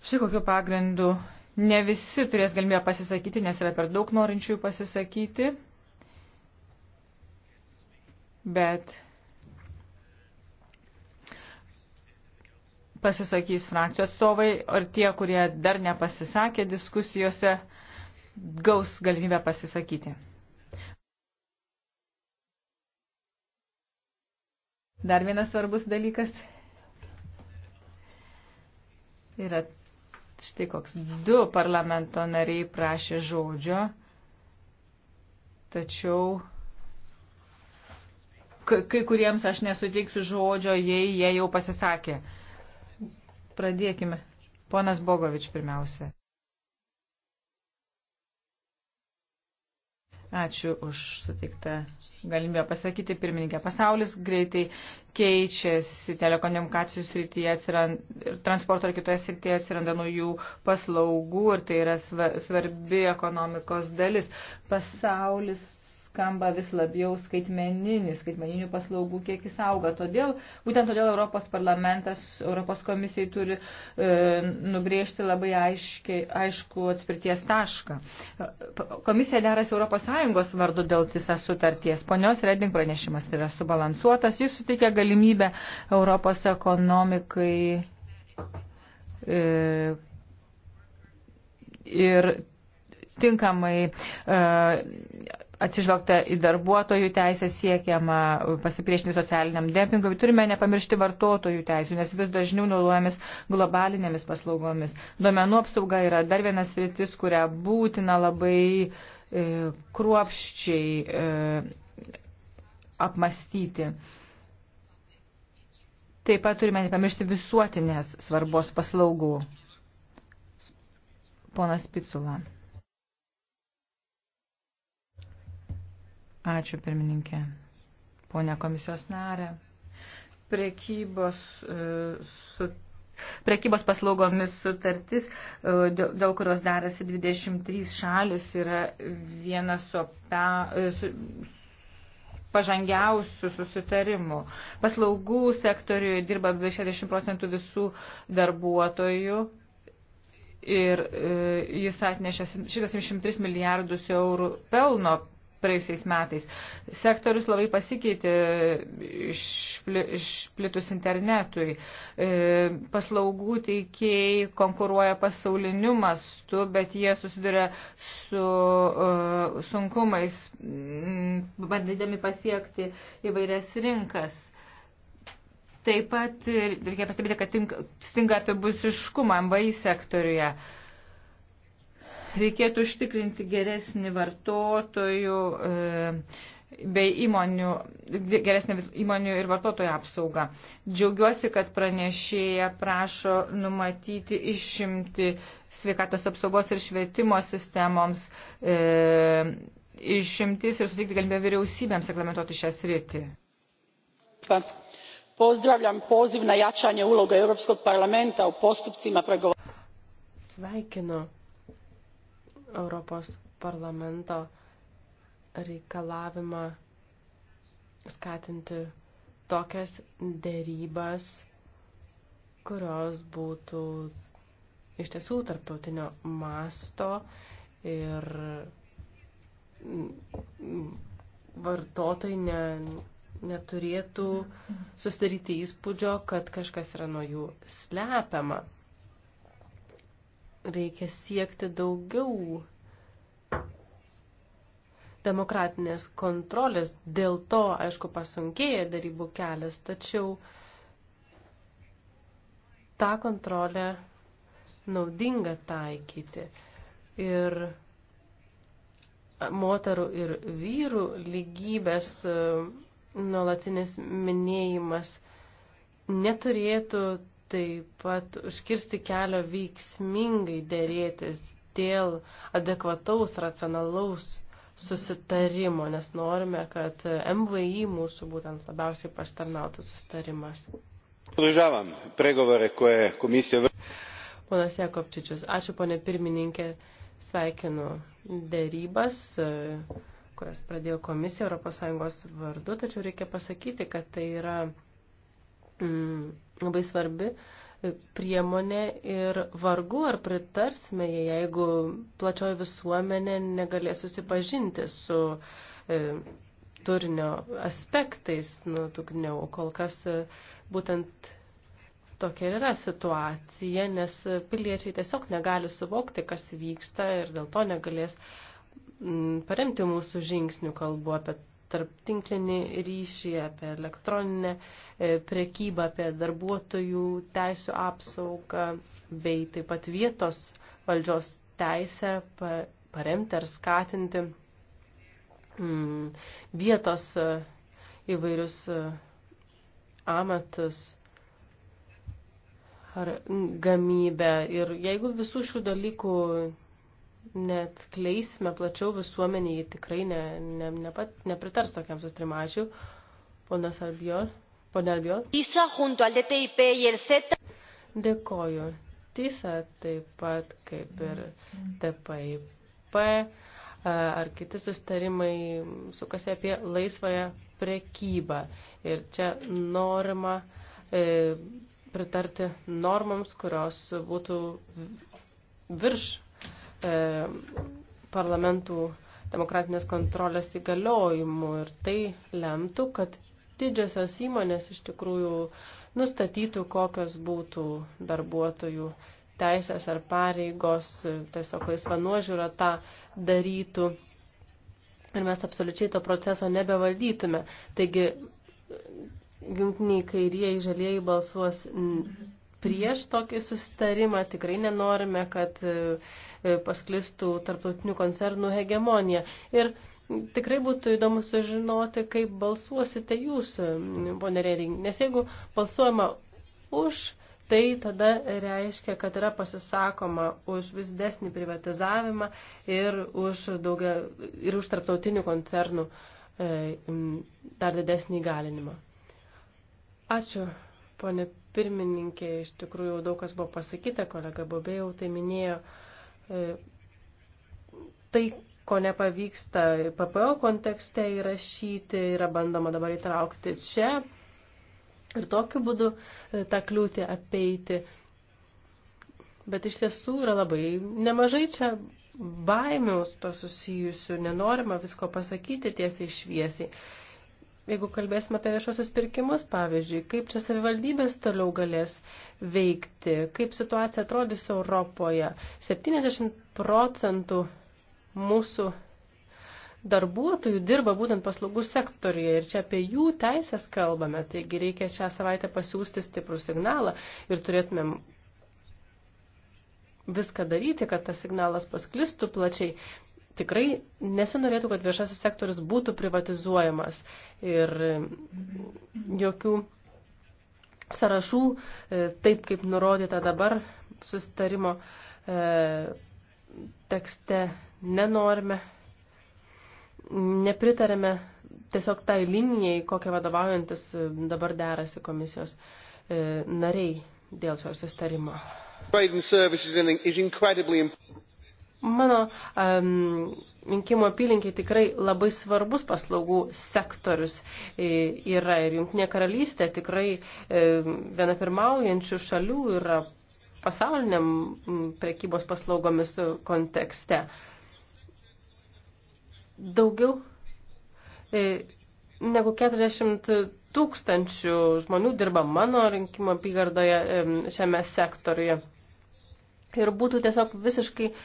Štai kokiu pagrindu. Ne visi turės galimybę pasisakyti, nes yra per daug norinčių pasisakyti. Bet pasisakys frakcijų atstovai ir tie, kurie dar nepasisakė diskusijose, gaus galimybę pasisakyti. Dar vienas svarbus dalykas yra štai koks. Du parlamento nariai prašė žodžio, tačiau kai kuriems aš nesuteiksiu žodžio, jei jie jau pasisakė. Pradėkime. Ponas Bogovič pirmiausia. Ačiū už suteiktą galimybę pasakyti, pirmininkė. Pasaulis greitai keičiasi, telekomunikacijų srityje atsiranda, transporto ir kitoje srityje atsiranda naujų paslaugų ir tai yra svarbi ekonomikos dalis. Pasaulis skamba vis labiau skaitmeninis, skaitmeninių paslaugų kiekis auga. Todėl, būtent todėl Europos parlamentas, Europos komisijai turi e, nubrėžti labai aiškiai, aišku atspirties tašką. Komisija deras ES vardu dėl visą sutarties. Ponios Reding pranešimas yra subalansuotas, jis suteikia galimybę Europos ekonomikai. E, ir tinkamai uh, atsižvelgta į darbuotojų teisę siekiama pasipriešinti socialiniam dempingui. Turime nepamiršti vartotojų teisų, nes vis dažniau naudojamis globalinėmis paslaugomis. Duomenų apsauga yra dar vienas rytis, kurią būtina labai e, kruopščiai e, apmastyti. Taip pat turime nepamiršti visuotinės svarbos paslaugų. Ponas Picula. Ačiū, pirmininkė. Pone komisijos narė. Prekybos, e, su, prekybos paslaugomis sutartis, e, dėl, dėl kurios darasi 23 šalis, yra vienas ope, e, su, pažangiausių susitarimų. Paslaugų sektoriuje dirba 60 procentų visų darbuotojų ir jis atnešė 173 milijardus eurų pelno praėjusiais metais. Sektorius labai pasikeitė išplitus internetui. E, paslaugų teikėjai konkuruoja pasauliniu mastu, bet jie susiduria su e, sunkumais, bandydami pasiekti įvairias rinkas. Taip pat reikia pastebėti, kad stinga apibusiškumą MVI sektoriuje. Uh, reikėtų užtikrinti geresnį vartotojų e, bei įmonių, geresnė įmonių ir vartotojų apsauga. Džiaugiuosi, kad pranešėja prašo numatyti išimti sveikatos apsaugos ir švietimo sistemoms e, išimtis ir suteikti galimybę vyriausybėms reglamentuoti šią sritį. Pozdravljam poziv na jačanje uloge Europskog parlamenta u postupcima pregovora. Sveikinu Europos parlamento reikalavimą skatinti tokias dėrybas, kurios būtų iš tiesų tarptautinio masto ir vartotojai ne, neturėtų susidaryti įspūdžio, kad kažkas yra nuo jų slepiama reikia siekti daugiau demokratinės kontrolės. Dėl to, aišku, pasunkėja darybų kelias, tačiau tą kontrolę naudinga taikyti. Ir moterų ir vyrų lygybės e, nuolatinis minėjimas neturėtų taip pat užkirsti kelio veiksmingai dėrėtis dėl adekvataus, racionalaus susitarimo, nes norime, kad MVI mūsų būtent labiausiai paštarnautų susitarimas. Podržavam pregovore koje komisija... Ponas Jakobčičius, ačiū ponė pirmininkė, sveikinu dėrybas, kurias pradėjo komisija ES vardu, tačiau reikia pasakyti, kad tai yra mm, labai svarbi e, priemonė ir vargu ar pritarsime, jeigu plačioji visuomenė negalės susipažinti su e, turinio aspektais, nu, tugniau, kol kas e, būtent tokia ir yra situacija, nes piliečiai tiesiog negali suvokti, kas vyksta ir dėl to negalės paremti mūsų žingsnių, kalbu apie tarptinklinį ryšį, apie elektroninę e, prekybą, apie darbuotojų teisų apsaugą bei taip pat vietos valdžios teisę paremti ar skatinti mm, vietos e, įvairius e, amatus ar gamybę. Ir jeigu visų šių dalykų net kleisime plačiau visuomenėje, tikrai ne, ne, ne pat, nepritars tokiam sustrimačiu. Ponas Albiol. Pone Albiol. TISA junto al DTIP y el Z. Dėkoju. TISA taip pat kaip ir TPIP ar kiti sustarimai sukasi apie laisvąją prekybą. Ir čia norima e, pritarti normoms, kurios būtų virš e, parlamentų demokratinės kontrolės įgaliojimų ir tai lemtų, kad didžiosios įmonės iš tikrųjų nustatytų, kokios būtų darbuotojų teisės ar pareigos, tiesiog laisva nuožiūra tą darytų ir mes absoliučiai to proceso nebevaldytume. Taigi, jungtiniai kairieji žalieji balsuos prieš tokį sustarimą, tikrai nenorime, kad e, e, pasklistų tarptautinių koncernų hegemonija. Ir tikrai būtų įdomu sužinoti, kaip balsuosite jūs, ponė Rering. Nes jeigu balsuojama už, tai tada reiškia, kad yra pasisakoma už vis desnį privatizavimą ir už, daugia, ir už tarptautinių koncernų e, dar didesnį įgalinimą. Ačiū, ponė pirmininkė, iš tikrųjų daug kas buvo pasakyta, kolega Bobėjau tai minėjo, e, tai, ko nepavyksta PPO kontekste įrašyti, yra bandoma dabar įtraukti čia ir tokiu būdu e, tą kliūtį apeiti. Bet iš tiesų yra labai nemažai čia baimių to susijusių, nenorima visko pasakyti tiesiai šviesiai. Jeigu kalbėsime apie viešosius pirkimus, pavyzdžiui, kaip čia savivaldybės toliau galės veikti, kaip situacija atrodys Europoje. 70 procentų mūsų darbuotojų dirba būtent paslaugų sektoriuje ir čia apie jų teisės kalbame, taigi reikia šią savaitę pasiūsti stiprų signalą ir turėtumėm viską daryti, kad tas signalas pasklistų plačiai, tikrai nesinorėtų, kad viešasis sektorius būtų privatizuojamas ir jokių sąrašų, e, taip kaip nurodyta dabar sustarimo e, tekste nenorime, nepritarėme tiesiog tai linijai, kokią vadovaujantis e, dabar derasi komisijos nariai dėl šio sustarimo. Mano um, rinkimo apylinkiai tikrai labai svarbus paslaugų sektorius e, yra ir Junktinė karalystė tikrai e, viena pirmaujančių šalių yra pasauliniam prekybos paslaugomis kontekste. Daugiau e, negu 40 tūkstančių žmonių dirba mano rinkimo apygardoje šiame sektoriuje. Ir būtų tiesiog visiškai uh,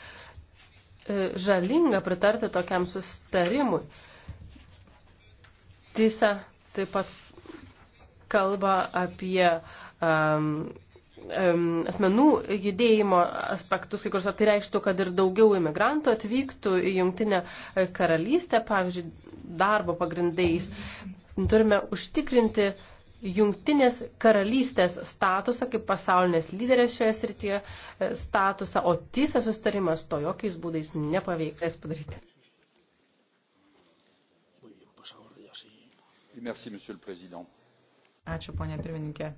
E, žalinga pritarti tokiam sustarimui. Tisa taip pat kalba apie um, um, asmenų judėjimo aspektus, kai kuriuose tai reikštų, kad ir daugiau imigrantų atvyktų į Jungtinę karalystę, pavyzdžiui, darbo pagrindais. Turime užtikrinti uh, jungtinės karalystės statusą kaip pasaulinės lyderės šioje srityje e, statusą, o tisa sustarimas to jokiais būdais nepaveiksės padaryti. Merci, monsieur le président. Ačiū, ponė pirmininkė.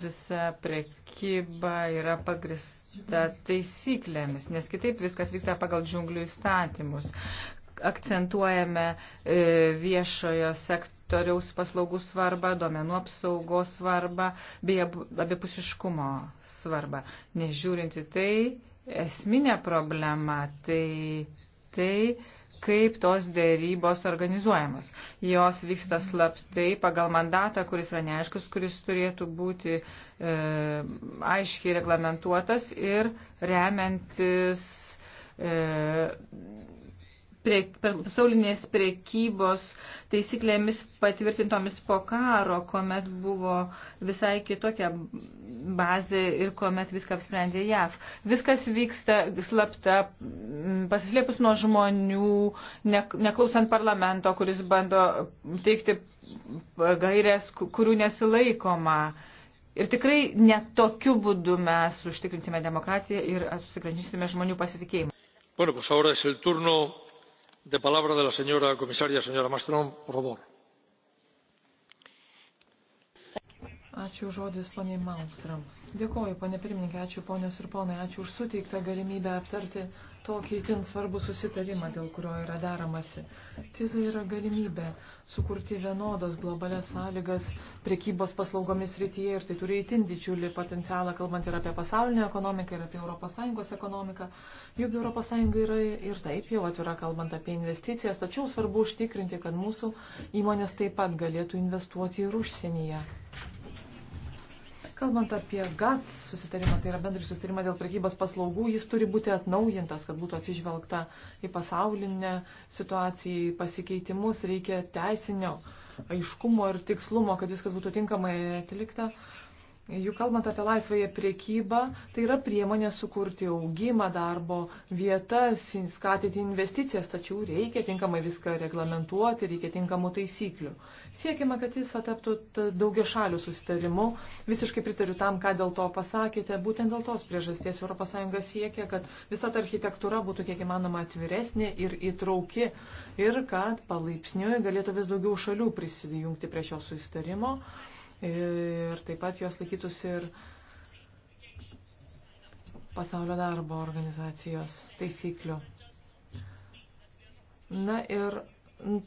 Visa prekyba yra pagrista taisyklėmis, nes kitaip viskas vyksta pagal džiunglių įstatymus. Akcentuojame e, viešojo sektoriaus sektoriaus paslaugų svarbą, domenų apsaugos svarbą bei abipusiškumo svarbą. Nežiūrinti tai, esminė problema tai tai, kaip tos dėrybos organizuojamos. Jos vyksta slaptai pagal mandatą, kuris yra neaiškus, kuris turėtų būti e, aiškiai reglamentuotas ir remiantis e, prie, per pasaulinės priekybos taisyklėmis patvirtintomis po karo, kuomet buvo visai kitokia bazė ir kuomet viską apsprendė JAV. Viskas vyksta slapta, pasislėpus nuo žmonių, ne, neklausant parlamento, kuris bando teikti gairės, kurių nesilaikoma. Ir tikrai netokiu būdu mes užtikrinsime demokratiją ir susigražinsime žmonių pasitikėjimą. Bueno, pues ahora es el turno Ačiū žodis poniai Malmstram. Dėkoju, ponė pirmininkė, ačiū ponios ir ponai, ačiū už suteiktą galimybę aptarti tokį itin svarbų susitarimą, dėl kurio yra deramasi. TISA yra galimybė sukurti vienodas globalias sąlygas priekybos paslaugomis rytyje ir tai turi itin didžiulį potencialą, kalbant ir apie pasaulinę ekonomiką, ir apie ES ekonomiką. Juk ES yra ir taip jau atvira, kalbant apie investicijas, tačiau svarbu užtikrinti, kad mūsų įmonės taip pat galėtų investuoti ir užsienyje. Kalbant apie GATT susitarimą, tai yra bendrį susitarimą dėl prekybos paslaugų, jis turi būti atnaujintas, kad būtų atsižvelgta į pasaulinę situaciją, į pasikeitimus, reikia teisinio aiškumo ir tikslumo, kad viskas būtų tinkamai atlikta. Juk kalbant apie laisvąją priekybą, tai yra priemonė sukurti augimą, darbo vietas, skatinti investicijas, tačiau reikia tinkamai viską reglamentuoti, reikia tinkamų taisyklių. Siekime, kad jis ataptų daugia šalių susitarimu. Visiškai pritariu tam, ką dėl to pasakėte. Būtent dėl tos priežasties ES siekia, kad visa ta architektūra būtų kiek įmanoma atviresnė ir įtrauki ir kad palaipsniui galėtų vis daugiau šalių prisijungti prie šio susitarimo ir taip pat jos laikytųsi ir pasaulio darbo organizacijos taisyklių. Na ir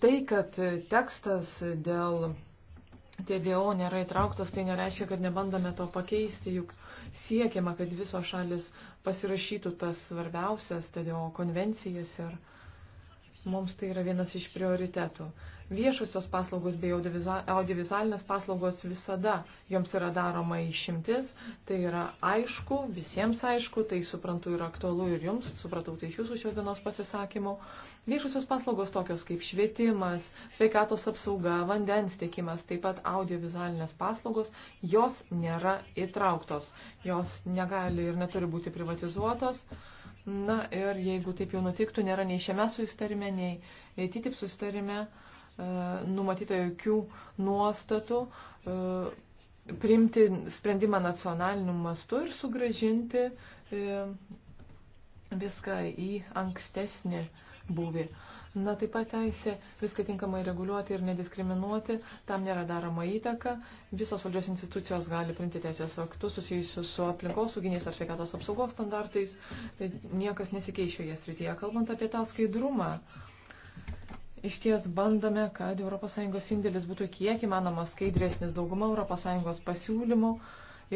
tai, kad tekstas dėl TDO nėra įtrauktas, tai nereiškia, kad nebandome to pakeisti, juk siekiama, kad visos šalis pasirašytų tas svarbiausias TDO konvencijas ir mums tai yra vienas iš prioritetų. Viešusios paslaugos bei audiovizualinės paslaugos visada joms yra daroma išimtis. Tai yra aišku, visiems aišku, tai suprantu ir aktualu ir jums, supratau tai jūsų šios dienos pasisakymų. Viešusios paslaugos tokios kaip švietimas, sveikatos apsauga, vandens tiekimas, taip pat audiovizualinės paslaugos, jos nėra įtrauktos. Jos negali ir neturi būti privatizuotos. Na ir jeigu taip jau nutiktų, nėra nei šiame susitarime, nei TTIP susitarime, numatyta jokių nuostatų e, priimti sprendimą nacionaliniu mastu ir sugražinti e, viską į ankstesnį būvį. Na taip pat teisė viską tinkamai reguliuoti ir nediskriminuoti, tam nėra daroma įtaka. Visos valdžios institucijos gali primti teisės aktus susijusius su aplinkosauginiais ar sveikatos apsaugos standartais. Niekas nesikeičia šioje srityje. Kalbant apie tą skaidrumą, uh, Iš ties bandome, kad ES indėlis būtų kiek įmanoma skaidresnis dauguma ES pasiūlymų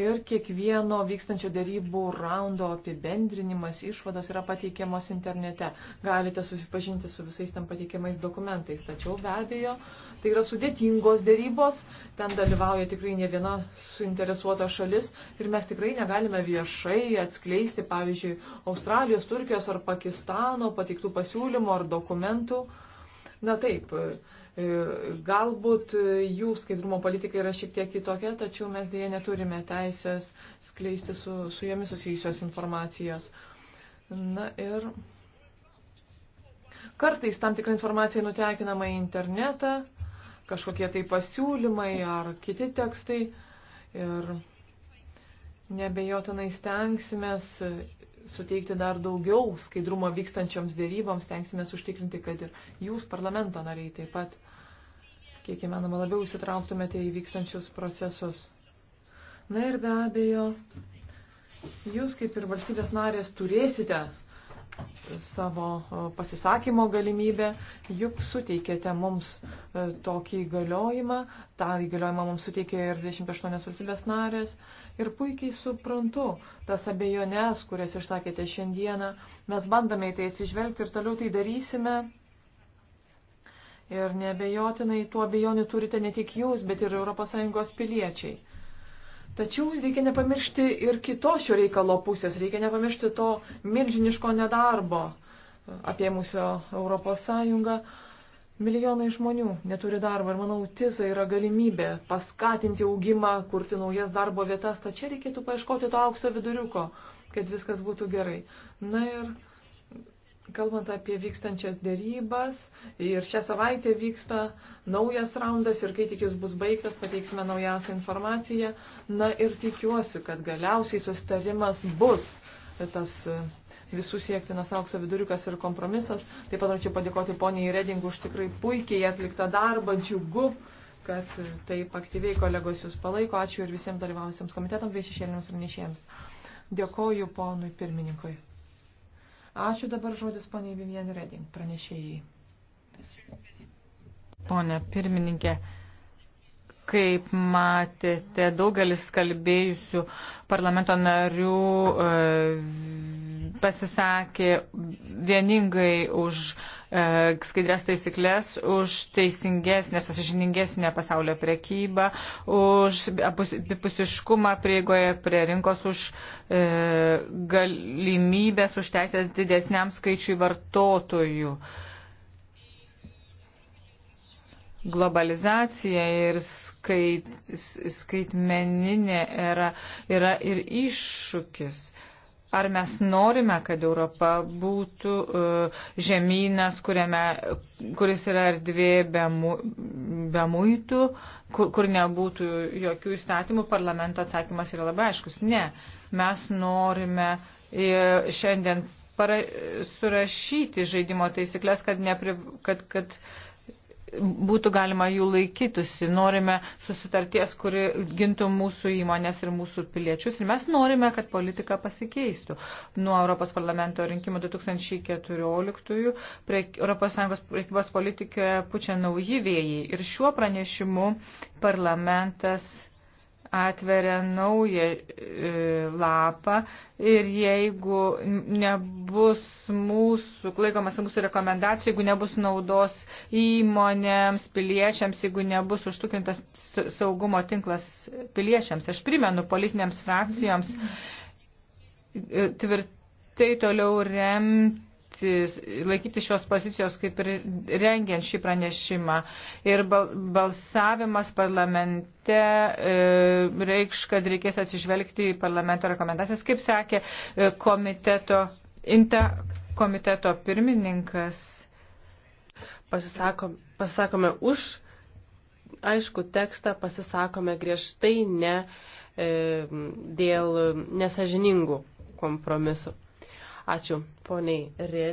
ir kiekvieno vykstančio dėrybų raundo apibendrinimas, išvados yra pateikiamos internete. Galite susipažinti su visais tam pateikiamais dokumentais, tačiau be abejo, tai yra sudėtingos dėrybos, ten dalyvauja tikrai ne viena suinteresuota šalis ir mes tikrai negalime viešai atskleisti, pavyzdžiui, Australijos, Turkijos ar Pakistano pateiktų pasiūlymų ar dokumentų. Na taip, e, galbūt e, jų skaidrumo politika yra šiek tiek kitokia, tačiau mes dėje neturime teisės skleisti su, su jomis susijusios informacijos. Na ir kartais tam tikrą informaciją nutekinama į internetą, kažkokie tai pasiūlymai ar kiti tekstai. Ir nebejotinai stengsimės suteikti dar daugiau skaidrumo vykstančioms dėryboms, tenksime užtikrinti, kad ir jūs, parlamento nariai, taip pat, kiek įmanoma, labiau įsitrauktumėte į vykstančius procesus. Na ir be abejo, jūs kaip ir valstybės narės turėsite savo e, pasisakymo galimybę, juk suteikėte mums e, tokį įgaliojimą, tą įgaliojimą mums suteikė ir 28 valstybės narės. Ir puikiai suprantu tas abejones, kurias išsakėte šiandieną. Mes bandome į tai atsižvelgti ir toliau tai darysime. Ir nebejotinai tuo abejonių turite ne tik jūs, bet ir ES piliečiai. Tačiau reikia nepamiršti ir kitos šio reikalo pusės, reikia nepamiršti to milžiniško nedarbo apie mūsų Europos Sąjungą. Milijonai žmonių neturi darbo ir manau, tiza yra galimybė paskatinti augimą, kurti naujas darbo vietas, tačiau reikėtų paieškoti to aukso viduriuko, kad viskas būtų gerai. Na ir Kalbant apie vykstančias dėrybas, ir šią savaitę vyksta naujas raundas ir kai tik jis bus baigtas, pateiksime naujausią informaciją. Na ir tikiuosi, kad galiausiai sustarimas bus tas e, visų siektinas aukso viduriukas ir kompromisas. Taip pat norėčiau padėkoti poniai Reding už tikrai puikiai atliktą darbą, džiugu, kad e, taip aktyviai kolegos jūs palaiko. Ačiū ir visiems dalyvausiams komitetam bei šešėliniams pranešėjams. Dėkoju ponui pirmininkui. Ačiū dabar žodis poniai Vivian Reding, pranešėjai. Pone pirmininkė, Kaip matėte, daugelis kalbėjusių parlamento narių e, pasisakė vieningai už e, skaidrės taisyklės, už teisingesnę, susižiningesnę pasaulio prekybą, už apusiškumą prieigoje prie rinkos, už e, galimybės, už teisės didesniam skaičiui vartotojų. E, globalizacija ir skait, skaitmeninė era yra ir iššūkis. Ar mes norime, kad Europa būtų uh, žemynas, kuriame, kuris yra erdvė be, mu, be muitų, kur, kur nebūtų jokių įstatymų, parlamento atsakymas yra labai aiškus. Ne, mes norime uh, šiandien para, surašyti žaidimo taisyklės, kad, nepri, kad, kad uh, būtų galima jų laikytusi. Norime susitarties, kuri gintų mūsų įmonės ir mūsų piliečius. Ir mes norime, kad politika pasikeistų. Nuo Europos parlamento rinkimų 2014 prie ES prekybos politikoje pučia nauji vėjai. Ir šiuo pranešimu parlamentas atveria naują e, lapą ir jeigu nebus mūsų, laikomas mūsų rekomendacijų, jeigu nebus naudos įmonėms, piliečiams, jeigu nebus užtikrintas saugumo tinklas piliečiams. Aš primenu politinėms frakcijoms e, tvirtai toliau remti laikyti šios pozicijos kaip ir rengiant šį pranešimą. Ir balsavimas parlamente e, reikš, kad reikės atsižvelgti į parlamento rekomendacijas, kaip sakė e, komiteto, inta komiteto pirmininkas. Pasisakom, pasisakome už aišku tekstą, pasisakome griežtai ne e, dėl nesažiningų kompromisų. Ačiū poniai Rėdė.